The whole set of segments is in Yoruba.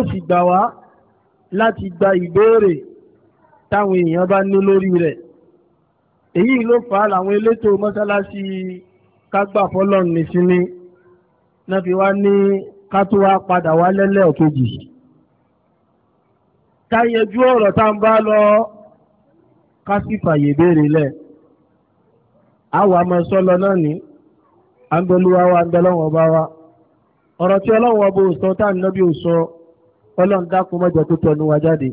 ó sì gbà wá láti gba ìbéèrè táwọn èèyàn bá ní lórí rẹ̀ èyí ló fà á làwọn elétò mọ́sálásí kágbà fọlọ́run nìsín ní náà fi wá ní ká tó wá padà wá lẹ́lẹ́ òkejì ká yẹjú ọ̀rọ̀ tá ń bá lọ ká sì fàyè béèrè lẹ̀ àwọn àmọ́ sọ́lọ náà ní àǹdọ́lúwa wa àǹdọ́lọ́wọ́ bá wa ọ̀rọ̀ tí ọlọ́wọ́ bó sọ tá à ń nábì ò sọ ọlọ́run dákun mọ́jọ tó tọ́nu wa jáde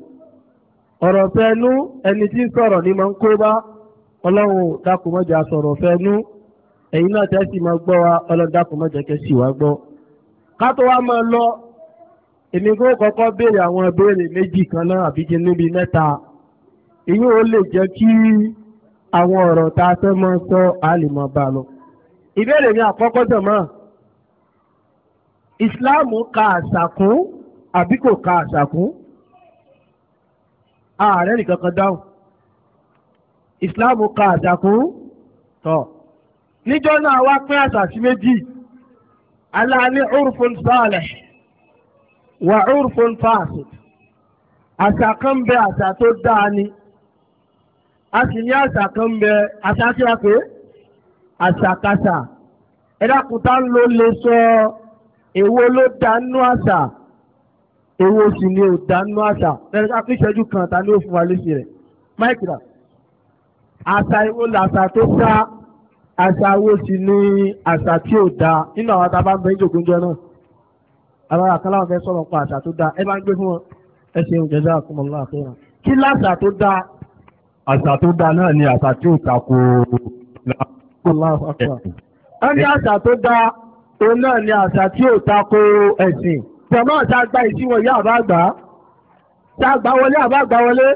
ọ̀rọ̀ fẹ́ẹ́nú ẹni tí ń sọ̀rọ̀ ní máa ń kó bá ọlọ́run dákun mọ́jọ sọ̀rọ̀ fẹ́ẹ́nú ẹ̀yin náà tẹ́sí máa gbọ́ wa ọlọ́run dákun mọ́jọ kẹ́sì wa gbọ́. ká tó wá máa lọ èmi kó kọ́kọ́ béèrè àwọn béèrè méjì kan náà àbí jẹ níbi mẹ́ta ìyún ó lè jẹ́ kí àwọn ọ̀rọ̀ tá a fẹ́ máa sọ á lè máa bá a lọ. ìbéèrè mi àkọ́kọ́ jọ̀mọ́ ìsìláàmù ka àṣà kún àbí kò ka àṣàkún ààrẹ nìkan kan dáhùn ìsìláàmù ka àṣàkún tọ̀ níjọ́ náà wá pín àṣà sí méjì aláàánú urfun salih wà urfun fasid àṣà kan bẹ àṣà tó dáa ni a sì ní àṣà kan bẹ àṣà tí a pè é àṣàkáṣà ẹ dákun tá ń lo lè sọ èwo ló dánú àṣà. èwo sì ni òdà àṣà lẹ́nu ká kan ta ni ó fún wa rẹ̀ máìkì rà àṣà làṣà tó àṣà sì ni àṣà tí ò da nínú àwọn tá a bá ń bẹ náà àwọn àkàlà wọn sọ̀rọ̀ pa àṣà tó da ẹ bá ń gbé fún wọn ẹ kí tó da. àṣà tó da náà ni àṣà tí ò ní àṣà tó da òun ni àṣà tí ò jọ̀mọ́ ta gba ìṣíwọ̀n yá àbá gbà á ta gbà wọlé àbá gbà wọlé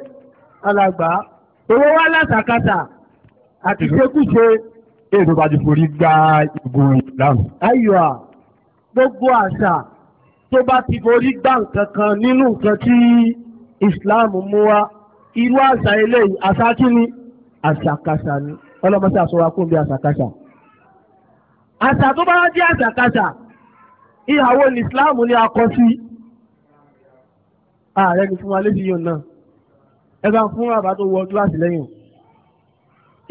alàgbà owó wá látàkàtà àti ṣekúṣe. èdè bá ti forí gba ìbò ìlànà. ayọ̀ à gbogbo àṣà tó bá ti forí gbà nǹkan kan nínú nǹkan tí Islam mú wa irú àṣà eléyìí àṣà kí ni àṣàkáṣà ni ọlọ́mọṣẹ́ àṣọwakùn bí àṣàkáṣà. àṣà tó bá jẹ́ àṣàkáṣà ìyàwó ní islam ní akọ sí ààrẹ ah, ni fún wa létí yìí náà ẹ bá ń fún àbá tó wọ gíláàsì lẹ́yìn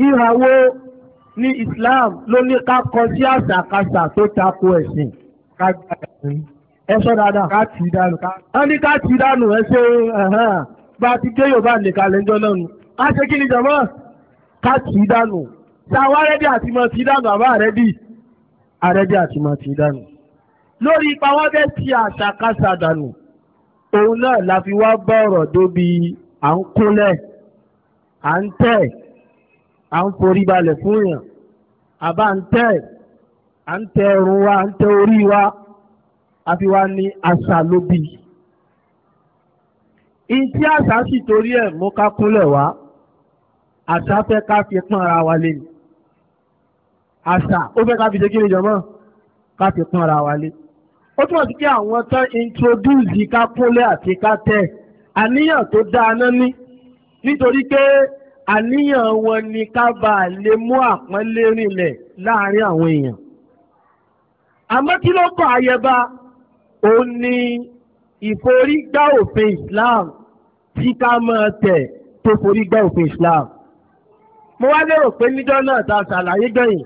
ìyàwó ní islam ló ní ká kọ sí àṣàkáṣà tó tako ẹ̀sìn ká gba ẹ̀sìn ẹ sọ dáadáa ká tì í dànù ká. wọ́n ní ká tì í dànù ẹ ṣe bá a ti gé yorùbá nìkan lẹ́jọ́ náà nù ká ṣe kí ni jọ̀mọ́ ká tì í dànù ṣàwọn arẹ́dí àti mọ̀ tì í dànù àbá àrẹ́dí àrẹ́dí àti mọ̀ tì í dànù lórí ipa wọn fẹ́ ti àṣàkáṣà dànù òun náà la fi wá bá ọ̀rọ̀ débi à ń kúnlẹ̀ à ń tẹ̀ à ń forí balẹ̀ fún yàn àbá ń tẹ̀ à ń tẹ ọrùn wa à ń tẹ orí wa a fi wá ní àṣà lóbi. ìtí àṣà sì torí ẹ̀ mú ká kúnlẹ̀ wá àṣà fẹ́ ká fi pọ́n ara wa lé àṣà ó fẹ́ ká fi ṣe kí ni jọmọ́ ká fi pọ́n ara wa lé ó túmọ̀ sí pé àwọn tán introduce ká kúnlẹ̀ àti ká tẹ̀ àníyàn tó dáa náà ní nítorí pé àníyàn wọn ni ká bá a lè mú àpọ́nlé rinlẹ̀ láàrin àwọn èèyàn àmọ́ kí ló kọ́ ayẹba òun ni ìforígbá òfin Islam tí ká máa tẹ̀ tó forígbá òfin Islam mo wá lérò pé níjọ́ náà ta ṣàlàyé gbẹ̀yìn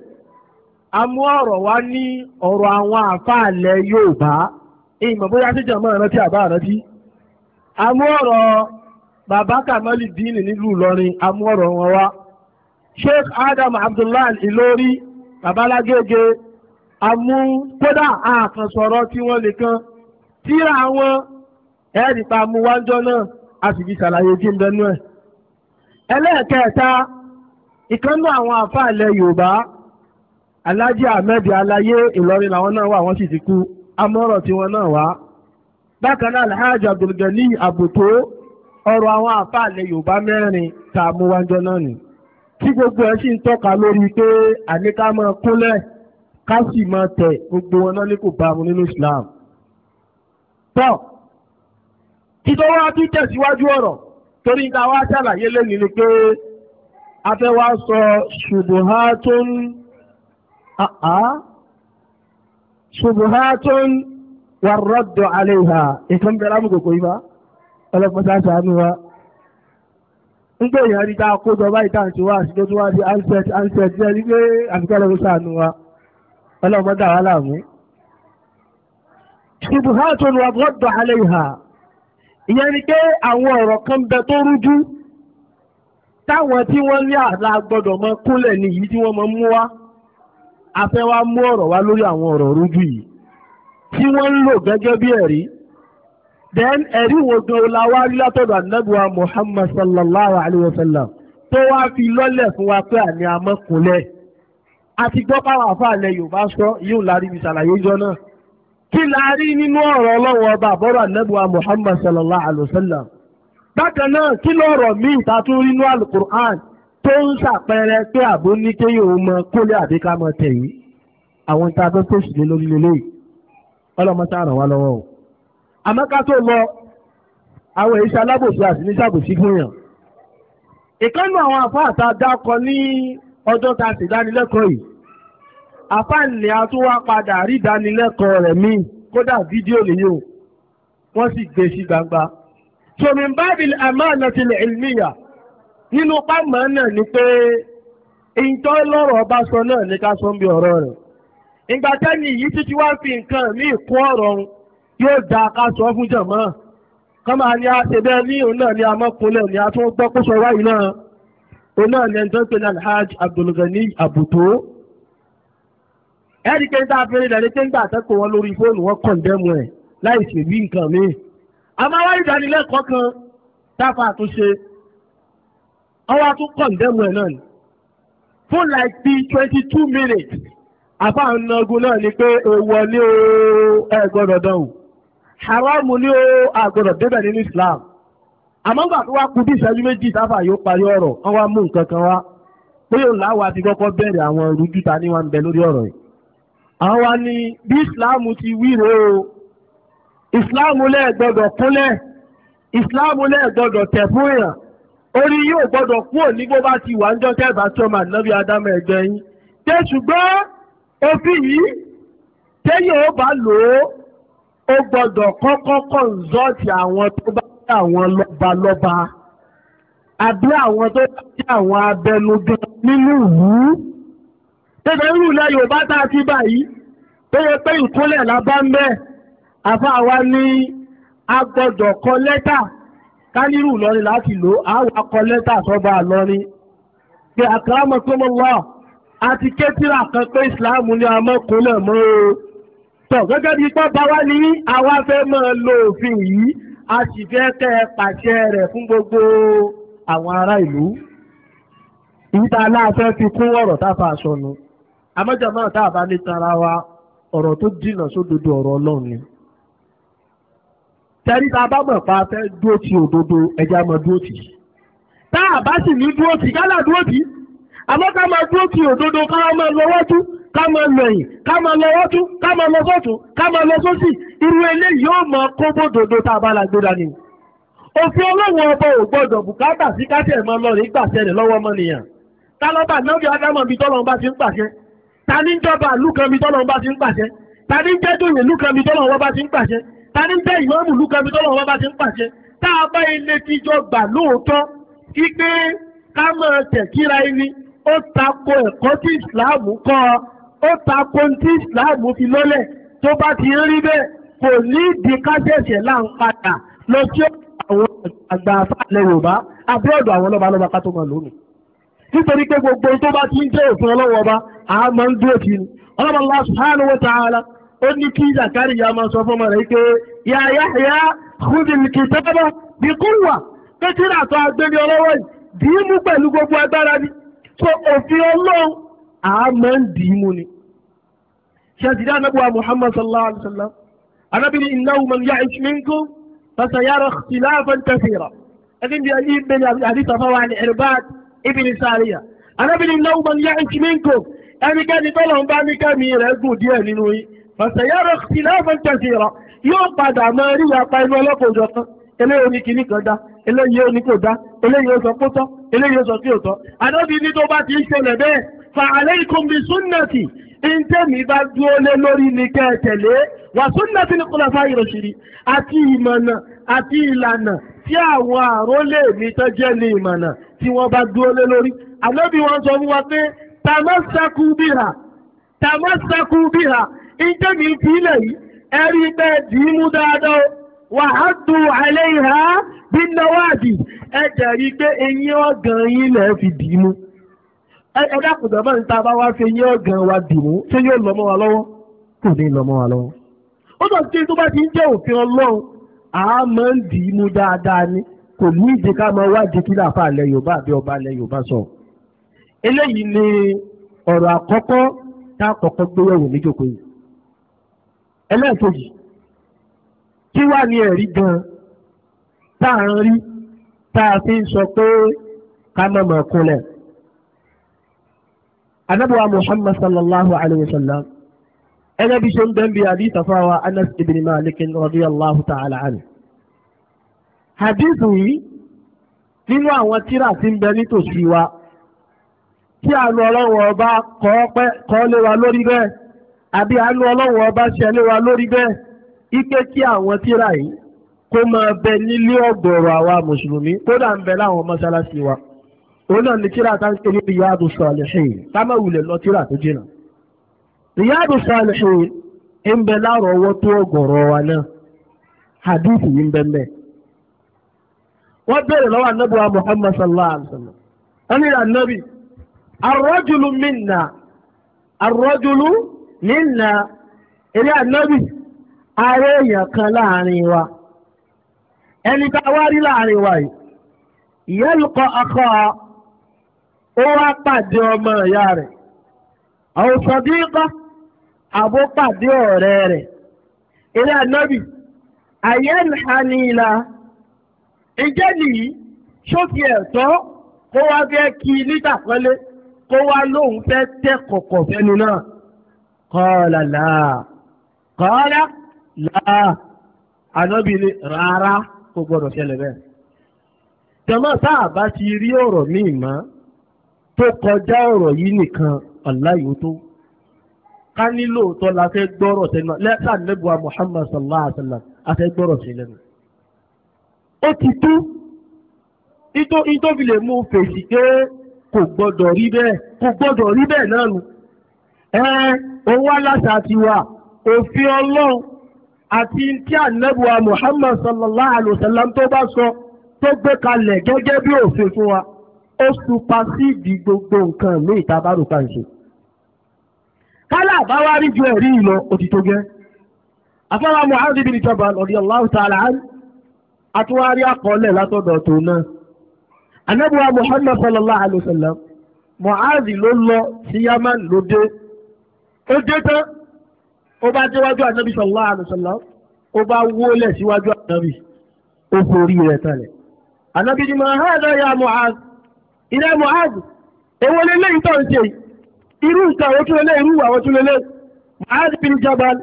a mú ọ̀rọ̀ wá ní ọ̀rọ̀ àwọn àfáàlẹ̀ Yorùbá ìmọ̀ bóyá síjà máa rántí àbá rántí a mú ọ̀rọ̀ bàbá Kamali díìnì nílùú Ìlọrin a mú ọ̀rọ̀ wọn wá Sheikh Adam Abdullahi Ìlórí babalágége a mú kódà àkànṣọ̀rọ̀ tí wọ́n lè kan tíra wọn ẹ̀ẹ́dì pa mú wájọ́ náà a sì fi ṣàlàyé tí ń bẹnu ẹ̀ ẹlẹ́ẹ̀kẹta ìkànnú àwọn àfáàlẹ̀ Yorùbá Alhaji Ahmed Aláyé Ìlọrin làwọn náà wà wọ́n sì ti kú amọ́rọ̀ tiwọn náà wá bákan náà Alhaji Abdulgani Àbùtó ọ̀rọ̀ àwọn àfààlẹ̀ Yorùbá mẹ́rin tá a mú wájọ́ náà nì tí gbogbo ẹ̀ sì ń tọ́ka lórí pé àníká máa kúnlẹ̀ ká sì máa tẹ̀ gbogbo wọn náà ní kò bá mu nínú Islam. tọ́ títọ́ wá tún tẹ̀síwájú ọ̀rọ̀ torí ta wá ṣàlàyé lẹ́nu ni pé a wá sọ ṣubuhatun ṣubuhatun warraddu alaiha ìkan bẹ̀rẹ̀ amúkòkò yìí bá ọlọ́pàá sàánú wa ń gbé èèyàn rí dáa kójọ báyìí dáa tí wá àṣìjọ tó wá sí ansẹt ansẹt jẹ́ rí pé àfikẹ́ lọ́wọ́ sàánú wa ọlọ́pàá dà wá láàmú. ṣubuhatun warraddu alaiha ìyẹn ni pé àwọn ọ̀rọ̀ kan bẹ tó rújú táwọn tí wọ́n ní àlá gbọ́dọ̀ mọ kúnlẹ̀ nìyí tí wọ́n mọ mú wá a fẹ́ wá mú ọ̀rọ̀ wá lórí àwọn ọ̀rọ̀ rújú yìí tí wọ́n ń lò gẹ́gẹ́ bí ẹ̀rí then ẹ̀rí wo gan la wá rí látọ̀dọ̀ anábìwá Muhammad sallallahu alayhi wa sallam tó wá fi lọ́lẹ̀ fún wa pé àní amọ́kùnlẹ̀ àti gbọ́ báwọn àfààlẹ̀ yorùbá sọ yóò lárí mi ṣàlàyé jọ náà kí la nínú ọ̀rọ̀ ọlọ́wọ́ ọba àbọ̀rọ̀ anábìwá Muhammad sallallahu alayhi wa sallam bákan náà kí lọ́rọ̀ míì ta nínú alukur'an tó ń ṣàpẹẹrẹ pé àbó ní kéyìn òun mọ kólé àbí ká mọ tẹ̀ yìí àwọn tá a fẹ́ fèsì lé lórí lélẹ́yìí ọlọ́mọta ràn wá lọ́wọ́ o. àmọ́ ká tó lọ àwọn èyí ṣe alábòsí àti níṣàbòsí fún yàn. ìkànnì àwọn àfáà tá a dákọ ní ọjọ́ tá sì dánilẹ́kọ̀ọ́ yìí àfáà a tún wá padà rí ìdánilẹ́kọ̀ọ́ rẹ̀ míì kódà fídíò nìyí o wọ́n sì gbé sí gbangba. tòmí bábìlì àmọ́ àná tilẹ̀ ìlmíyà nínú pàmò náà ni pé ìjọ lọ́rọ̀ ọba sọ náà ní ká sọ ń bí ọ̀rọ̀ rẹ̀ ìgbà tẹ́ni yìí títí wá fi nǹkan mí kún ọ̀rọ̀ òun yóò da ká sọ fún jàmọ́ kọ́mà ni a ṣe bẹ́ẹ̀ ní òun náà ni a mọ́kúnlẹ̀ ni a tún gbọ́ kó sọ wáyé náà òun náà ni ẹnjọ́ pé Alhaj Abdulgani Àbùtó ẹ̀rí pé tá a fi rìnrìn àdéhùn gbà àtẹ́kọ̀ọ́ wọn lórí fóònù wọn kọ̀ǹdẹ́mù ẹ̀ láì ṣèlú nǹkan mi àmọ́ ọwọ́ tún kọ̀ǹdẹ́mù ẹ̀ náà ni fún like bíi twenty two minutes àbá ìnagun náà ni pé èèwọ̀ ni o ẹ gbọ́dọ̀ dán o haramu ni o àgbọ̀dọ̀ débẹ̀ nínú Islam àmọ́ gbà tó wá kú bí ìṣẹ́jú méjì sáfà yóò parí ọ̀rọ̀ wọ́n wá mú nǹkan kan wá pé yóò láwa ti kọ́kọ́ bẹ̀rẹ̀ àwọn rújúta ní wa ń bẹ lórí ọ̀rọ̀ yìí àwọn wa ni bí Islam ti wíre o Islam lẹ́ẹ̀ gbọ́dọ̀ kúnlẹ̀ Islam lẹ́ẹ̀ gbọ́dọ̀ tẹ̀ fún èèyàn orí yóò gbọ́dọ̀ kúrò ní bó bá ti wà ń jọ́kẹ́ ìbátọ́mà nábì ádámù ẹ̀gbẹ́ yín ṣé ṣùgbọ́n òfin yìí téèyàn ó bá lò ó ó gbọ́dọ̀ kọ́kọ́ kọ́ńsọ́ọ̀tì àwọn tó bá jẹ́ àwọn lọ́balọ́ba àbí àwọn tó bá jẹ́ àwọn abẹnugan nínú ìlú tẹ́tẹ́ irú ilẹ̀ Yorùbá tá a ti bá yìí tó yẹ pé ìkúnlẹ̀ lábá ń bẹ́ẹ̀ àfa àwa ni a gbọ́dọ̀ kọ lẹ́tà kánírù lọrin láti lò àwọn akọ lẹ́tà sọ́ba lọrin pé àkàràmọ̀ tó mọ̀ wá àti kétìrà kan pé ìsìláàmù ni a mọ̀ kúnlẹ̀ mọ́ o. tọ̀ gẹ́gẹ́ bí pọ́ bá wá ní àwa fẹ́ máa lo òfin yìí a sì fẹ́ kẹ́ ẹ pàṣẹ rẹ̀ fún gbogbo àwọn ará ìlú. ìta aláàfẹ́ fi kún ọ̀rọ̀ táfa àṣọ nu. àmọ́jọ́ náà tá a bá ní tara wa ọ̀rọ̀ tó dìnà sódodo ọ̀rọ̀ ọlọ́run ni tẹ́rí tá a bá mọ̀ pa fẹ́ dúró ti òdodo ẹja mọ̀ dúró tì í tá a bá sì ní dúró tì yálà dúró tì í àmọ́ ká máa dúró ti òdodo ká máa lọ́wọ́tú ká máa lẹ̀yìn ká máa lọ́wọ́tú ká máa lọ sọ́tún ká máa lọ sósì irú eléyìí yóò mọ kó bódodo tá a bá la gbéra ni òfin ọlọ́wọ́ ọba ò gbọ́dọ̀ bùkátà sí ká tẹ̀ mọ́ lọ́rẹ̀ gbàṣẹ rẹ̀ lọ́wọ́ ọmọnìyàn ta lọ́ba nábì ádámọ̀ bíi tọ́lọ́run bá ti ń pàṣẹ ta ní jọba ìlú kan bíi bá ti ń pàṣẹ ta ní jẹ́dùn ta ní bẹ́ẹ̀ ìmọ̀ọ́mù lúkẹ́mi tó lọ́wọ́ bá ti ń pàṣẹ tá a bá ilé tí jọ gbà lóòótọ́ kí pé ká máa tẹ̀ kíra ẹni ó tako ẹ̀kọ́ tí ìsìláàmù kọ́ ọ ó tako tí ìsìláàmù fi lọ́lẹ̀ tó bá ti ń rí bẹ́ẹ̀ kò ní ìdí káṣẹ̀ṣẹ̀ là ń padà lọ sí àwọn àgbà àfàlẹ̀ Yorùbá abúlọ̀dọ̀ àwọn ọlọ́ba lọ́ba ká tó máa lónìí nítorí pé gbogbo tó bá ti ń jẹ́ òfin ọlọ́wọ́ ọba àá máa ń dúró sí ni ọlọ́ba Allah subhanahu wa ta'ala ó ní kí Zakariya máa sọ fọmọ rẹ̀ pé ya Yahya khudil kitaba bi quwwa pé tíra tó agbélé ọlọ́wọ́ yìí dìí mú pẹ̀lú gbogbo agbára ni so òfin ọlọ́run àmọ́ ń dìí mú ni. ṣèṣìdá anábùwà Muhammad sallallahu alayhi wa sallam anábìrin innahu man ya'ish minkum fasayara ikhtilafan kathira ẹni bí ẹni bẹ̀rẹ̀ àdìsá fáwọn àni Irbad ibn Sariya anábìrin innahu man ya'ish minkum ẹnikẹ́ni tọ́lọ̀ ń bá ní kẹ́mi rẹ̀ gùn díẹ̀ nínú yìí fàṣẹyàrá ìlànà kẹsìrà yóò padà máa rí apá inú ọlọ́kọ̀ọ́jọ kan eléyìí ní kíní kan dá eléyìí ó ní kò dá eléyìí ó sọ pé tọ́ eléyìí ó sọ ò tọ́ àdóbi ní tó bá ti ń ṣẹlẹ̀ bẹ́ẹ̀ fa alaykum bi sunnati ìtẹ́mi bá dúró lé lórí ní kẹ́ẹ̀tẹ̀lé wà sunnati ní kúlọ̀ fáyìí rọ̀ṣìrì àti ìmọ̀nà àti ìlànà tí àwọn àrólé mi tó jẹ́ ní ìmọ̀nà tí wọ́n bá dúró lé lórí àdóbi wọn sọ fún wa pé tamassaku biha tamassaku biha ìjẹ́mi ìpínlẹ̀ yìí ẹ̀rí pé dìímú dáadáa wà á tu àlẹ́ ìhá bí náwáàdì ẹ̀jẹ̀ rí pé eyín ọ̀gàn yín lẹ̀ fi dìímú. ẹ dákun dàbọ̀ ní ta bá wá fi eyín ọ̀gàn wa dìímú ṣé yóò lọ mọ́ wa lọ́wọ́ kò ní lọ mọ́ wa lọ́wọ́. ó sọ pé tó bá ti ń jẹ́ òfin ọlọ́run à á máa ń dìímú dáadáa ni kò ní ìdí ká máa wádìí kí láfa àlẹ́ Yorùbá àbí ọba àlẹ́ Yorùbá sọ. eléyìí ni ọ̀rọ̀ àkọ́kọ́ tá àkọ́kọ́ gbéyẹ̀wò níjókòó yìí ẹlẹ́ẹ̀kejì kí wà ní ẹ̀rí gan tá à ń rí tá a fi ń sọ pé ká má máa kúnlẹ̀. anabuwa muhammad sallallahu alayhi wa sallam ẹgbẹ́ bí ṣe ń bẹ́ẹ̀ bí hadith afáwa anas ibn malik radiyallahu ta'ala anhu. hadith yìí nínú àwọn tírà tí ń bẹ nítòsí wa tí àánú ọlọ́run ọba kọ́ lé wa lórí bẹ́ẹ̀ àbí àánú ọlọ́run ọba ṣẹlẹ̀ wa lórí bẹ́ẹ̀ ipe kí àwọn tíra yìí kó máa bẹ nílé ọ̀gọ̀rọ̀ àwa mùsùlùmí kódà ń bẹ láwọn mọ́ṣáláṣí wa òun náà ní tíra tá ń pè ní Riyadu Salihin ká má wulẹ̀ lọ tíra tó jìnnà Riyadu Salihin ń bẹ lárọ̀ọ́wọ́ tó ọ̀gọ̀rọ̀ wa náà hadith yìí ń bẹ mẹ́ wọ́n bẹ̀rẹ̀ lọ́wọ́ anábì wa Muhammad sallallahu alaihi wa sallam nílà eré ànábì ará èèyàn kan láàrin wa ẹni tá a wá láàrin wa yìí ìyá kọ ọkọ ó wá pàdé ọmọ ìyá rẹ̀ àwòsàn dínkà àbó pàdé rẹ̀ eré ànábì àyẹn hanila ìjẹ́ nìyí ṣókì ẹ̀tọ́ kó wá fẹ́ kí níta kó wá lóun fẹ́ tẹ́ kọ̀kọ̀ fẹ́ni قال لا قال لا ànábì ni rárá kò gbọ́dọ̀ ṣẹlẹ̀ bẹ́ẹ̀. jọmọ tá a bá ti rí ọ̀rọ̀ míì mọ́ tó kọjá ọ̀rọ̀ yìí nìkan aláìwò tó ká nílò tó la fẹ́ gbọ́rọ̀ tẹnu lẹ́sàdínlẹ́bùwà Muhammad sallallahu alayhi wa sallam a fẹ́ gbọ́rọ̀ sí lẹ́nu. ó ti tó ìtòfilè mú fèsì pé kò gbọ́dọ̀ rí bẹ́ẹ̀ kò gbọ́dọ̀ rí bẹ́ẹ̀ náà nù ẹ owó aláṣà ti wà òfin ọlọ́run àti tí ànábùwà Muhammad sallallahu alayhi wa sallam tó bá sọ tó gbé kalẹ̀ gẹ́gẹ́ bí òfin fún wa ó supasíìdì gbogbo nǹkan ní ìta bá rò káńṣe. kálá bá wá rí ju ẹ̀rí ìlọ òtítọ́ gẹ́. afárá Mu'adh bin Jabal radiyallahu ta'ala anhu àtúwárí àkọọ́lẹ̀ látọ̀dọ̀ tó náà. ànábùwà Muhammad sallallahu alayhi wa sallam Mu'adh ló lọ sí Yaman ló dé. ó dé tán ó bá déwájú ànábì sallallahu alaihi wasallam ó bá wólẹ̀ síwájú ànábì ó forí rẹ̀ tẹ̀lẹ̀ ni ma ya Mu'adh ilé Mu'adh èwo lélẹ́yìn tó ń ṣe irú nǹkan àwọn tún lélẹ́yìn irú àwọn tún lélẹ́yìn Mu'adh bin Jabal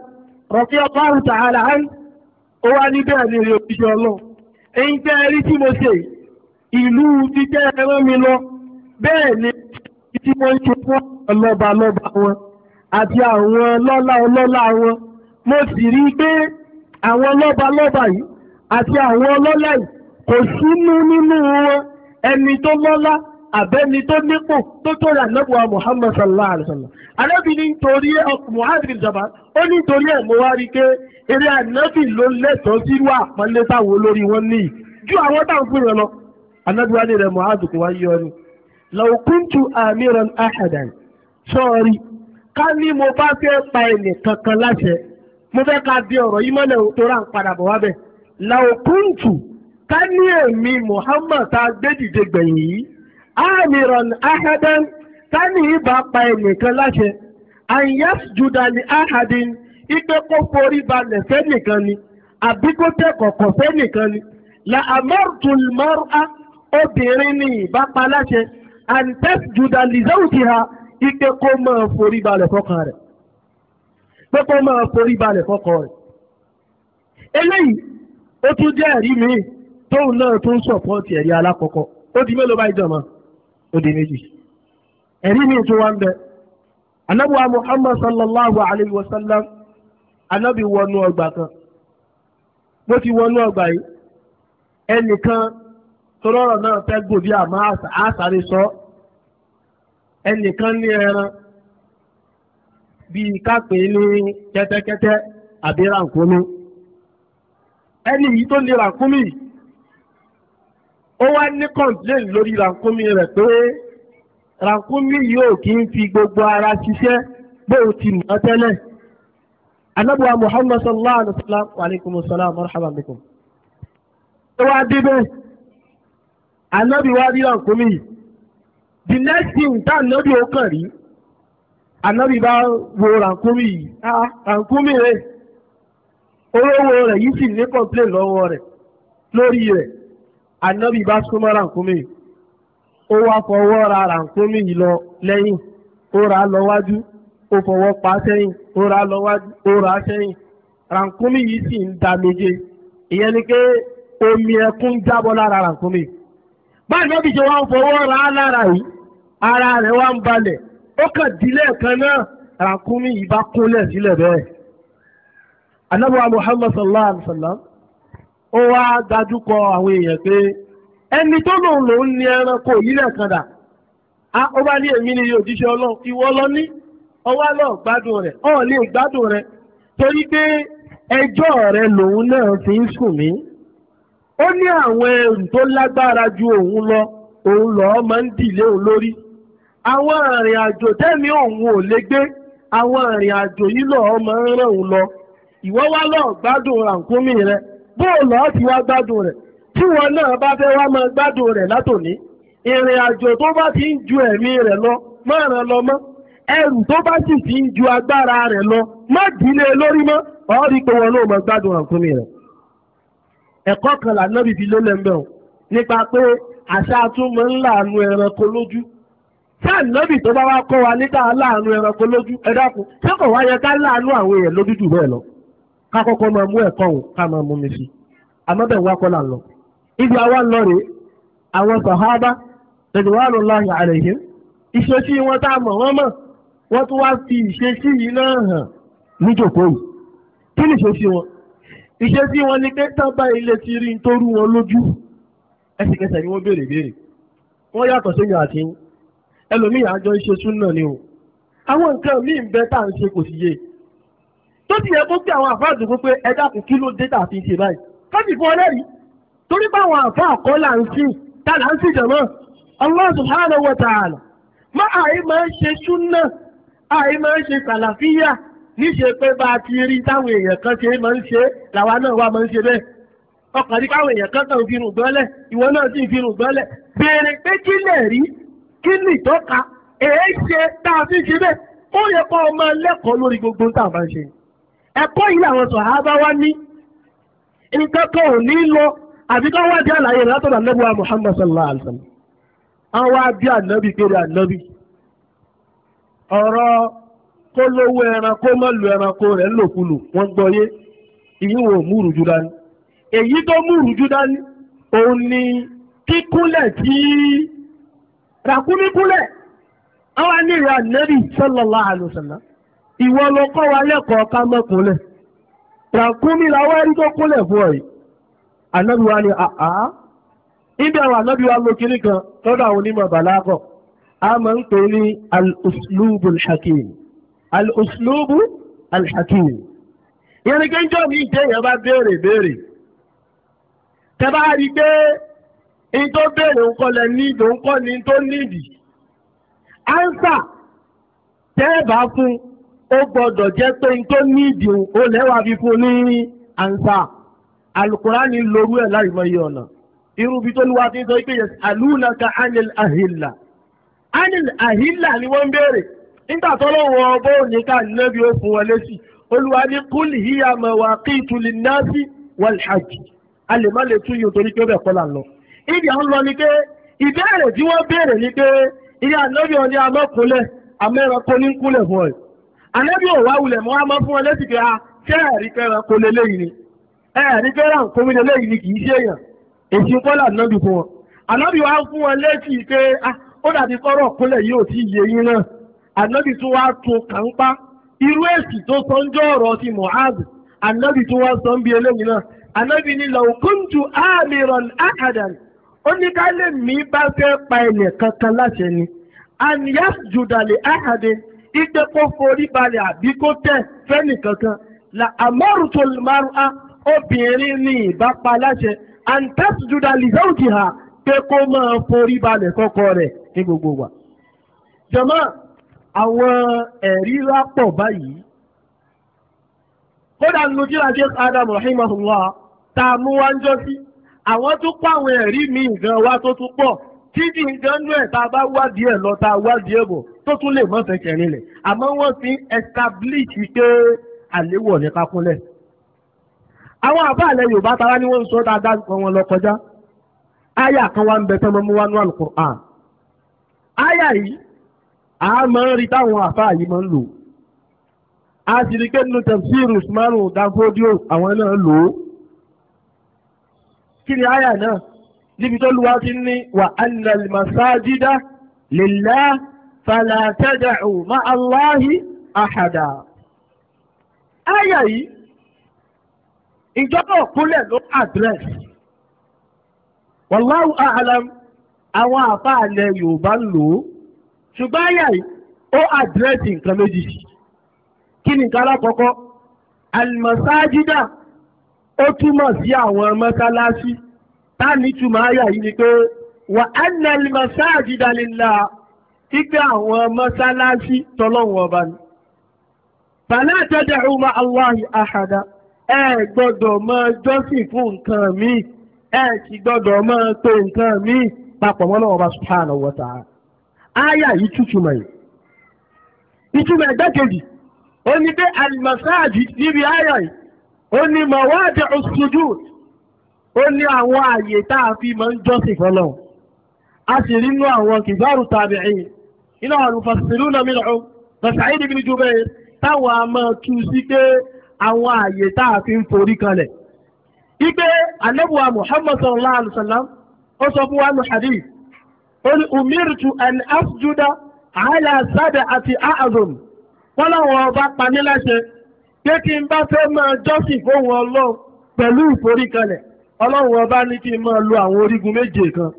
radiyallahu ta'ala anhu ó wá ní bẹ́ẹ̀ ni èrè òṣìṣẹ́ ọlọ́ èyí tẹ́ ẹ rí tí mo ṣe ìlú ti tẹ́ ẹ mi lọ bẹ́ẹ̀ ni tí mo ń ṣe fún ọlọ́ba lọ́ba wọn. àti àwọn lọ́lá ọlọ́lá wọn mo sì rí i pé àwọn lọ́ba lọ́ba yìí àti àwọn ọlọ́lá yìí kò sínú nínú wọn ẹni tó lọ́lá àbẹ́ni tó nípò tó tó rà nábì wa Muhammad sallallahu alayhi wa sallam anábì ní nítorí Mu'adh bin Jabal ó ní nítorí ẹ̀ mo wá rí pé eré anábì ló lẹ́tọ̀ọ́ sírú àpọ́nlé táwọn olórí wọn níyì ju àwọn táwọn fún yẹn lọ anábì wa ní rẹ̀ Mu'adh kò wá yọ ni law kuntu amiran ahadan sọ́ọ̀rì ká ní mo bá fẹ́ pa ẹnì kankan láṣẹ mo fẹ́ ká bí ọ̀rọ̀ yìí mọ́lẹ̀ tó rà ń padà bọ̀ wá làókùntù ká ní èmi Muhammad tá a gbé dìde gbẹ̀yìn yìí àmìràn ahadan ká ní ìbá pa ẹnì kan láṣẹ àyẹ́sì jùdàlì ahadin ipe kó forí balẹ̀ fẹ́nìkan ni àbí kó tẹ̀ kọ̀kọ̀ fẹ́nìkan ni la amọ́rùtùl mọ́rùá obìnrin ni ìbá pa láṣẹ àǹtẹ́sì jùdàlì zawjiha ike kó máa forí balẹ̀ fọkàn rẹ̀ pé kó máa forí balẹ̀ fọkàn rẹ̀ eléyìí ó tún jẹ́ ẹ̀rí mi tóun náà tún sọ̀pọ̀tì ẹ̀rí alákọ̀ọ́kọ́ ó di mélòó báyìí jọ̀mọ́ ó di méjì ẹ̀rí mi tún wá ń bẹ anabuwa muhammad sallallahu alayhi wa sallam anabi wọnú ọgbà kan bó ti wọnú ọgbà yìí ẹnìkan tó rọrọ náà fẹ́ gbòdì àmọ́ àṣàrí sọ ọ́ ẹnìkan ní ẹran bíi kápẹ́ ní kẹ́tẹ́kẹ́tẹ́ àbí ràǹkúnú ẹni yìí tó ní ràǹkúnmí ó wá ní complain lórí ràǹkúnmí rẹ̀ pé ràǹkúnmí yóò kí ń fi gbogbo ara ṣiṣẹ́ bóun ti mọ̀ tẹ́lẹ̀ anabuwa muhammad sallallahu alaihi wa sallam wa salaam marhaban bikum. ó wá débẹ̀ anabi rí yìí. the next thing tá ànábì ó kàn rí ànábì bá wo rànkúmí yìí ah, ah rànkúmí rẹ̀ olówó rẹ̀ yìí sì ní complain lọ́wọ́ rẹ̀ lórí rẹ̀ ànábì bá súnmọ́ rànkúmí ó wá fọwọ́ ra rànkúmí yìí lọ lẹ́yìn ó rà á lọ wájú ó fọwọ́ pa sẹ́yìn ó rà á lọ wájú ó rà á sẹ́yìn rànkúmí yìí sì ń da méje ìyẹn ni pé omi ẹkún jábọ́ lára rànkúmí yìí. báyìí lọ́bì ṣe wá ń fọwọ́ ra lára yìí ara rẹ̀ wá ń balẹ̀ ó kàn dílé náà ràkúnmí yìí bá sílẹ̀ bẹ́ẹ̀. anábọ̀ Muhammad sallallahu alayhi wa sallam ó wá àwọn èèyàn pé ẹni tó lòun lòun ní ẹranko yìí lẹ́ẹ̀kan dà á ó bá ní èmi òjíṣẹ́ ọlọ́run ìwọ lọ ní ọwọ́ lọ gbádùn rẹ̀ lè gbádùn rẹ̀ torí pé fi ń ó ní àwọn ẹrù tó lágbára ju òun lọ òun lọ́ọ́ máa ń dìlé òun lórí àwọn arìnrìn àjò tẹ́mi òun ò lè gbé àwọn arìnrìn àjò yìí lọ́ọ́ máa ń ràn òun lọ ìwọ́ wá lọ́ọ́ gbádùn ràǹkúmí rẹ bó o lọ́ọ́ ti wá gbádùn rẹ̀ tí wọn náà bá fẹ́ wá máa gbádùn rẹ̀ látòní ìrìn àjò tó bá ti ń ju ẹ̀mí lọ ẹ̀kọ́ kan lànàbì fi lélẹ̀ ń bẹ̀ o nípa pé àṣà àtúmọ̀ ńláàánú ẹranko lójú tí tó bá wá kọ́ wa níta láàánú ẹranko lójú ẹ dákun ṣé kò wá yẹ ká láàánú àwọn èèyàn lójú jù bẹ́ẹ̀ lọ ká kọ́kọ́ máa mú ẹ̀kọ́ òun ká máa mú mi sí àmọ́ bẹ́ẹ̀ wá kọ́ là ń lọ ibi àwa ń lọ rèé àwọn sàhábà radwanullahi alaihim ìṣesí wọn tá a mọ̀ wọ́n mọ̀ wọ́n tún wá fi ìṣesí yìí náà hàn níjòkó yìí kí ni ìṣesí wọn ìṣe tí wọ́n ní pé tábà ilé ti rí tó rú wọn lójú ẹsẹ̀kẹsẹ̀ ni wọ́n béèrè béèrè wọ́n yàtọ̀ sí yàtí ẹlòmíì àjọ ìṣe súnà ni o àwọn nǹkan míì ń bẹ tá à ń ṣe kò sí yé tó ti yẹ kó pé àwọn àfáà dùn pé ẹ dákun kí ló dé tà fi ṣe báyìí káàdì fún ọlẹ́rìí torí pé àwọn àfáà kọ́ là ń sìn tá là ń sìn jọ̀mọ́ Allah subhanahu wa ta'ala má àyè máa ń ṣe súnà àyè máa ń ṣe sàlàfíyà kì pé bá a ti rí táwọn èèyàn kan ṣe máa ń ṣe làwa náà wà máa ń ṣe bẹ́ẹ̀ ọkàn ní káwọn èèyàn kan fi gbọ́lẹ̀ ìwọ náà sì fi gbọ́lẹ̀ béèrè kí lè rí kí ni èé ṣe tá a fi ṣe bẹ́ẹ̀ ó yẹ kó o máa lẹ́kọ̀ọ́ lórí gbogbo tá a máa ṣe ẹ̀kọ́ yìí làwọn sàhábà wá ní nǹkan kan ò ní lọ àbí wá di àlàyé látọ̀dọ̀ kó lówó ẹranko má lu ẹranko rẹ̀ ńlòkulò wọ́n gbọ́ yé ìyín wo múrù jù dání èyí tó múrù jù dání òun ni kíkúnlẹ̀ tí ràkúníkúnlẹ̀ àwọn anílẹ̀ ànẹ́bì sallallahu alaihi wasallam ìwọ ló kọ́ wa lẹ́kọ̀ọ́ ká mọ́kúnlẹ̀ ràkúnmí làwọn ẹni tó kúnlẹ̀ fún ọ yìí ànẹ́bì wa ni àá níbi àwọn ànẹ́bì wa ló kiri kan lọ́dọ̀ àwọn onímọ̀ bàlágọ̀ a máa ń pè ní al-uslubul al-uslubu al-hakim ìyẹn ni kéńjọ́ mi jẹ́ èèyàn bá béèrè béèrè tẹ́ bá rí i pé ní tó béèrè ń kọlẹ̀ nídìí ń kọ́ ni tó nídìí ánsà tẹ́ ẹ bá fún ó gbọ́dọ̀ jẹ́ pé ní tó nídìí ó lẹ́wà fi fún ní ánsà alukurani lorú ẹ̀ láì mọ iye ọ̀nà irúbi tó ní wá ti sọ pé yẹn alúnaka anil ahila anil ahila ni wọ́n ń béèrè nígbà tọ́lọ́wọ́ ọgbọ́n òníkà nẹ́bí ó fún wọn lẹ́sì olúwa ní kúlì híyà mawaqitu linnasi wal hajj a lè má lè tún yìí torí pé ó bẹ̀ kọ́ là ń lọ. ibi à ń lọ ni pé ìbéèrè tí wọ́n béèrè ni pé ilé ànábì ọ̀ni amọ́kúnlẹ̀ amẹ́ranko ní kúnlẹ̀ fún ẹ̀. ànábì ò wá wulẹ̀ mọ́ àmọ́ fún wọn pé a ṣé ẹ̀rí pé ẹranko lélẹ́yìn ni ni kì í ànábì tó wá tún kàńpá irú èsì tó sọ́njọ́ ọ̀rọ̀ ti Mu'adh ànábì tó wá sọ́n bí eléyìí náà ànábì ní law kuntu amiran ahadan ó ní ká lè mí bá fẹ́ pa ẹ̀yẹ̀ kankan láṣẹ ni an yasjuda li ahadin ìgbẹ́ kó forí balẹ̀ àbí kó tẹ̀ fẹ́nì kankan la amartul mar'a obìnrin ní ìbápa láṣẹ an tasjuda zawjiha pé kó máa forí balẹ̀ kọ́kọ́ rẹ̀ ní gbogbo wa. Jama àwọn ẹ̀rí lápọ̀ báyìí kódà nínú tí rajé adam rahimahullah tá a mú wá ń jọ sí àwọn tó kó àwọn ẹ̀rí mi gan wá tó tún pọ̀ títí gan nú ẹ̀ tá a bá wádìí ẹ̀ lọ tá a wádìí ẹ̀ bọ̀ tó tún lè mọ́ fẹsẹ̀ rinlẹ̀ àmọ́ wọ́n ti establish pé àléwọ̀ ní kakúnlẹ̀ àwọn àbá àlẹ yorùbá tara ni wọ́n ń sọ dáadáa nǹkan wọn lọ kọjá áyà kan wá ń bẹ tán mú wá nú àlùkùránì áyà yìí a máa ń rí táwọn àfáà yìí máa ń lò a sì rí pé nínú tafsiru Usmanu Danfodio àwọn náà lò ó kí ni àyà náà níbi tó lu ti ní wa anna al-masajida lillah fala tad'u ma'a Allahi ahada àyà yìí ìjọba òkúlẹ̀ ló àdírẹ́sì wallahu a'lam àwọn àfáà ilẹ̀ Yorùbá ń lò ó ṣùgbọ́n àyà yìí ó àdírẹ́sì nǹkan méjì kí ni nǹkan alákọ̀ọ́kọ́ àlùmọ̀sáájídà ó túmọ̀ sí àwọn mọ́sálásí táàní túmọ̀ àyà yìí ni pé wà á nà àlùmọ̀sáájídà lillah ipe àwọn mọ́sálásí tọ́lọ́wọ̀n ọba ni. fàlẹ́ àtẹ́dẹ̀rù ma Allahi àhàdá ẹ gbọ́dọ̀ máa jọ́sìn fún nǹkan míì ẹ sì gbọ́dọ̀ máa tó nǹkan míì papọ̀ mọ́ Ọlọ́hun Ọba subhanahu wa Aya yìí tútùmọ̀ yìí ìtumọ̀ ẹ̀dá Onye ó ní pé alimasaji níbi Onye yìí ó ní mọ̀wádìí ọ̀ṣojú ó ní a fi máa ń jọ́sìn fọlọ́ a sì rí inú àwọn kìbáàrù Ina iná al-mufassiruna minhum Sa'id ibn Jubayr táwọn a máa tú sí pé àwọn àyè tá a fi ń forí kalẹ̀. Anabuwa Muhammad sallallahu alaihi wa ó sọ fún wa ó ní umirtu an afjuda ala sada àti aazum wọn làwọn ọba pani láṣẹ pé kí n bá fẹ́ máa jọ́sìn fóun ọlọ́run pẹ̀lú ìforíkalẹ̀ ọlọ́run ọba ní kí n máa lo àwọn orígun méje kan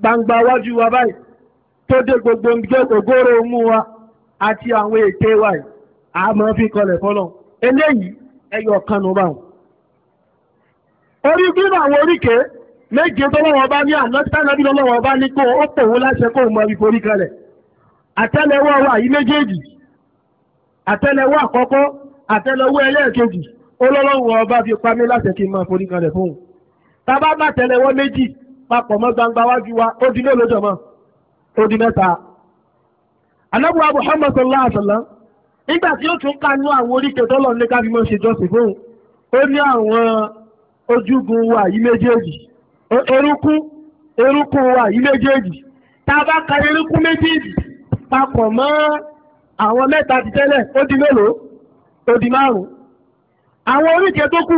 gbangba wájú wa báyìí tó dé gbogbo ògóró mú wa àti àwọn ète méje tó lọ́wọ́ bá ní ànábì lọ́wọ́ bá ní kó ó pòwó láṣẹ kó mọ ibi forí kalẹ̀ àtẹ́lẹwọ́ wa yìí méjèèjì àtẹ́lẹwọ́ àkọ́kọ́ àtẹ́lẹwọ́ ẹlẹ́ẹ̀kejì olólọ́wọ́ ọba fi pa mí láṣẹ kí n máa forí kalẹ̀ fóun tábà bá tẹ́lẹwọ́ méjì papọ̀ mọ́ gbangba wájú wa ó di mélòó jọ̀mọ́ ó di mẹ́ta. anábùwà Muhammad sallallahu alaihi wa sallam nígbà tí ó tún kánú àwọn oríkè tọ́lọ̀ ní ká fi ṣe jọ́sìn fóun ó ní àwọn ojúgun wa yìí méjèèjì eruku eruku wa yìí méjèèjì tá a bá eruku méjèèjì papọ̀ mọ́ àwọn mẹ́ta ti tẹ́lẹ̀ ó di mélòó ó di márùn-ún àwọn oríkèé tó kù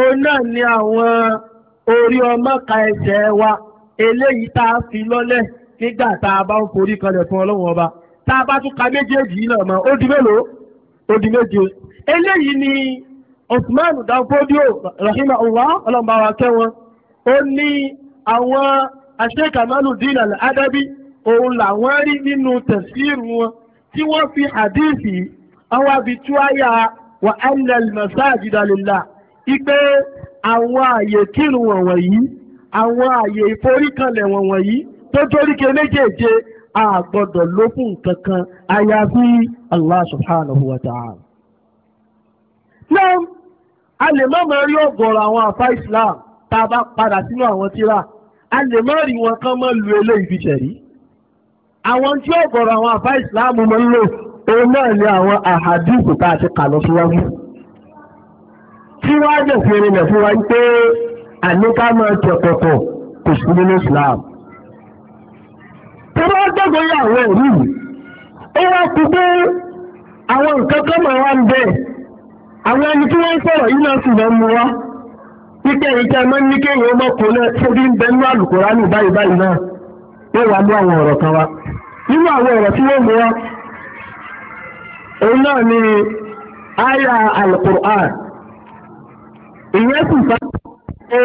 òun náà ni àwọn orí ọmọ ka ẹsẹ̀ wa eléyìí tá a fi lọ́lẹ̀ nígbà tá a bá ń forí kalẹ̀ fún ọlọ́run ọba tá a bá tún ka méjèèjì yìí náà mọ́ ó di mélòó ó di méje eléyìí ni Osman Danfodio rahimahullah ọlọ́mọba wa kẹ́ wọn ó ní àwọn aṣẹ́kàmálù dínà adábí òun làwọn rí nínú tẹ̀síìrù wọn tí wọ́n fi hadithi àwọn abituaya wa anna al-masajida lillah ipe àwọn àyè kírun wọ̀nyí àwọn àyè ìforíkanlẹ̀ wọ̀nyí tó toríke méjèèje a ló fún nǹkan àyàfi Allah subhanahu wa ta'ala. náà a lè má máa rí ọ̀gọ̀rọ̀ àwọn àfa Islam tá a bá padà sínú àwọn tíra a lè má rí wọn kán mọ́ lu eléyìí fi ṣẹ̀rí. àwọn tí ó gọ̀rọ̀ àwọn àfáà ìsìláàmù máa ń lò òun náà ni àwọn àhàdìsù tá a ti kà lọ síwájú. tí wọ́n á jẹ̀ fi rinlẹ̀ fún wa pé àníká máa tẹ̀kọ̀tọ̀ kò sí nínú ìsìláàmù. tí wọ́n dọ́gbọ́n yà àwọn ẹ̀rí yìí ó wá kú pé àwọn nǹkan kan máa wá ń bẹ̀ àwọn ẹni tí wọ́n ń sọ̀rọ̀ yìí náà sì lọ mú wa kíkẹ́ yìí tẹ́ máa ń ní kéèyàn ọmọkùnrin náà ṣe bí ń bẹ nínú àlùkòránì báyìí báyìí náà yóò wá mú àwọn ọ̀rọ̀ kan wá nínú àwọn ọ̀rọ̀ tí wọ́n mú wá òun náà ni àyà àlùkòrán ìyẹn sì fà ṣe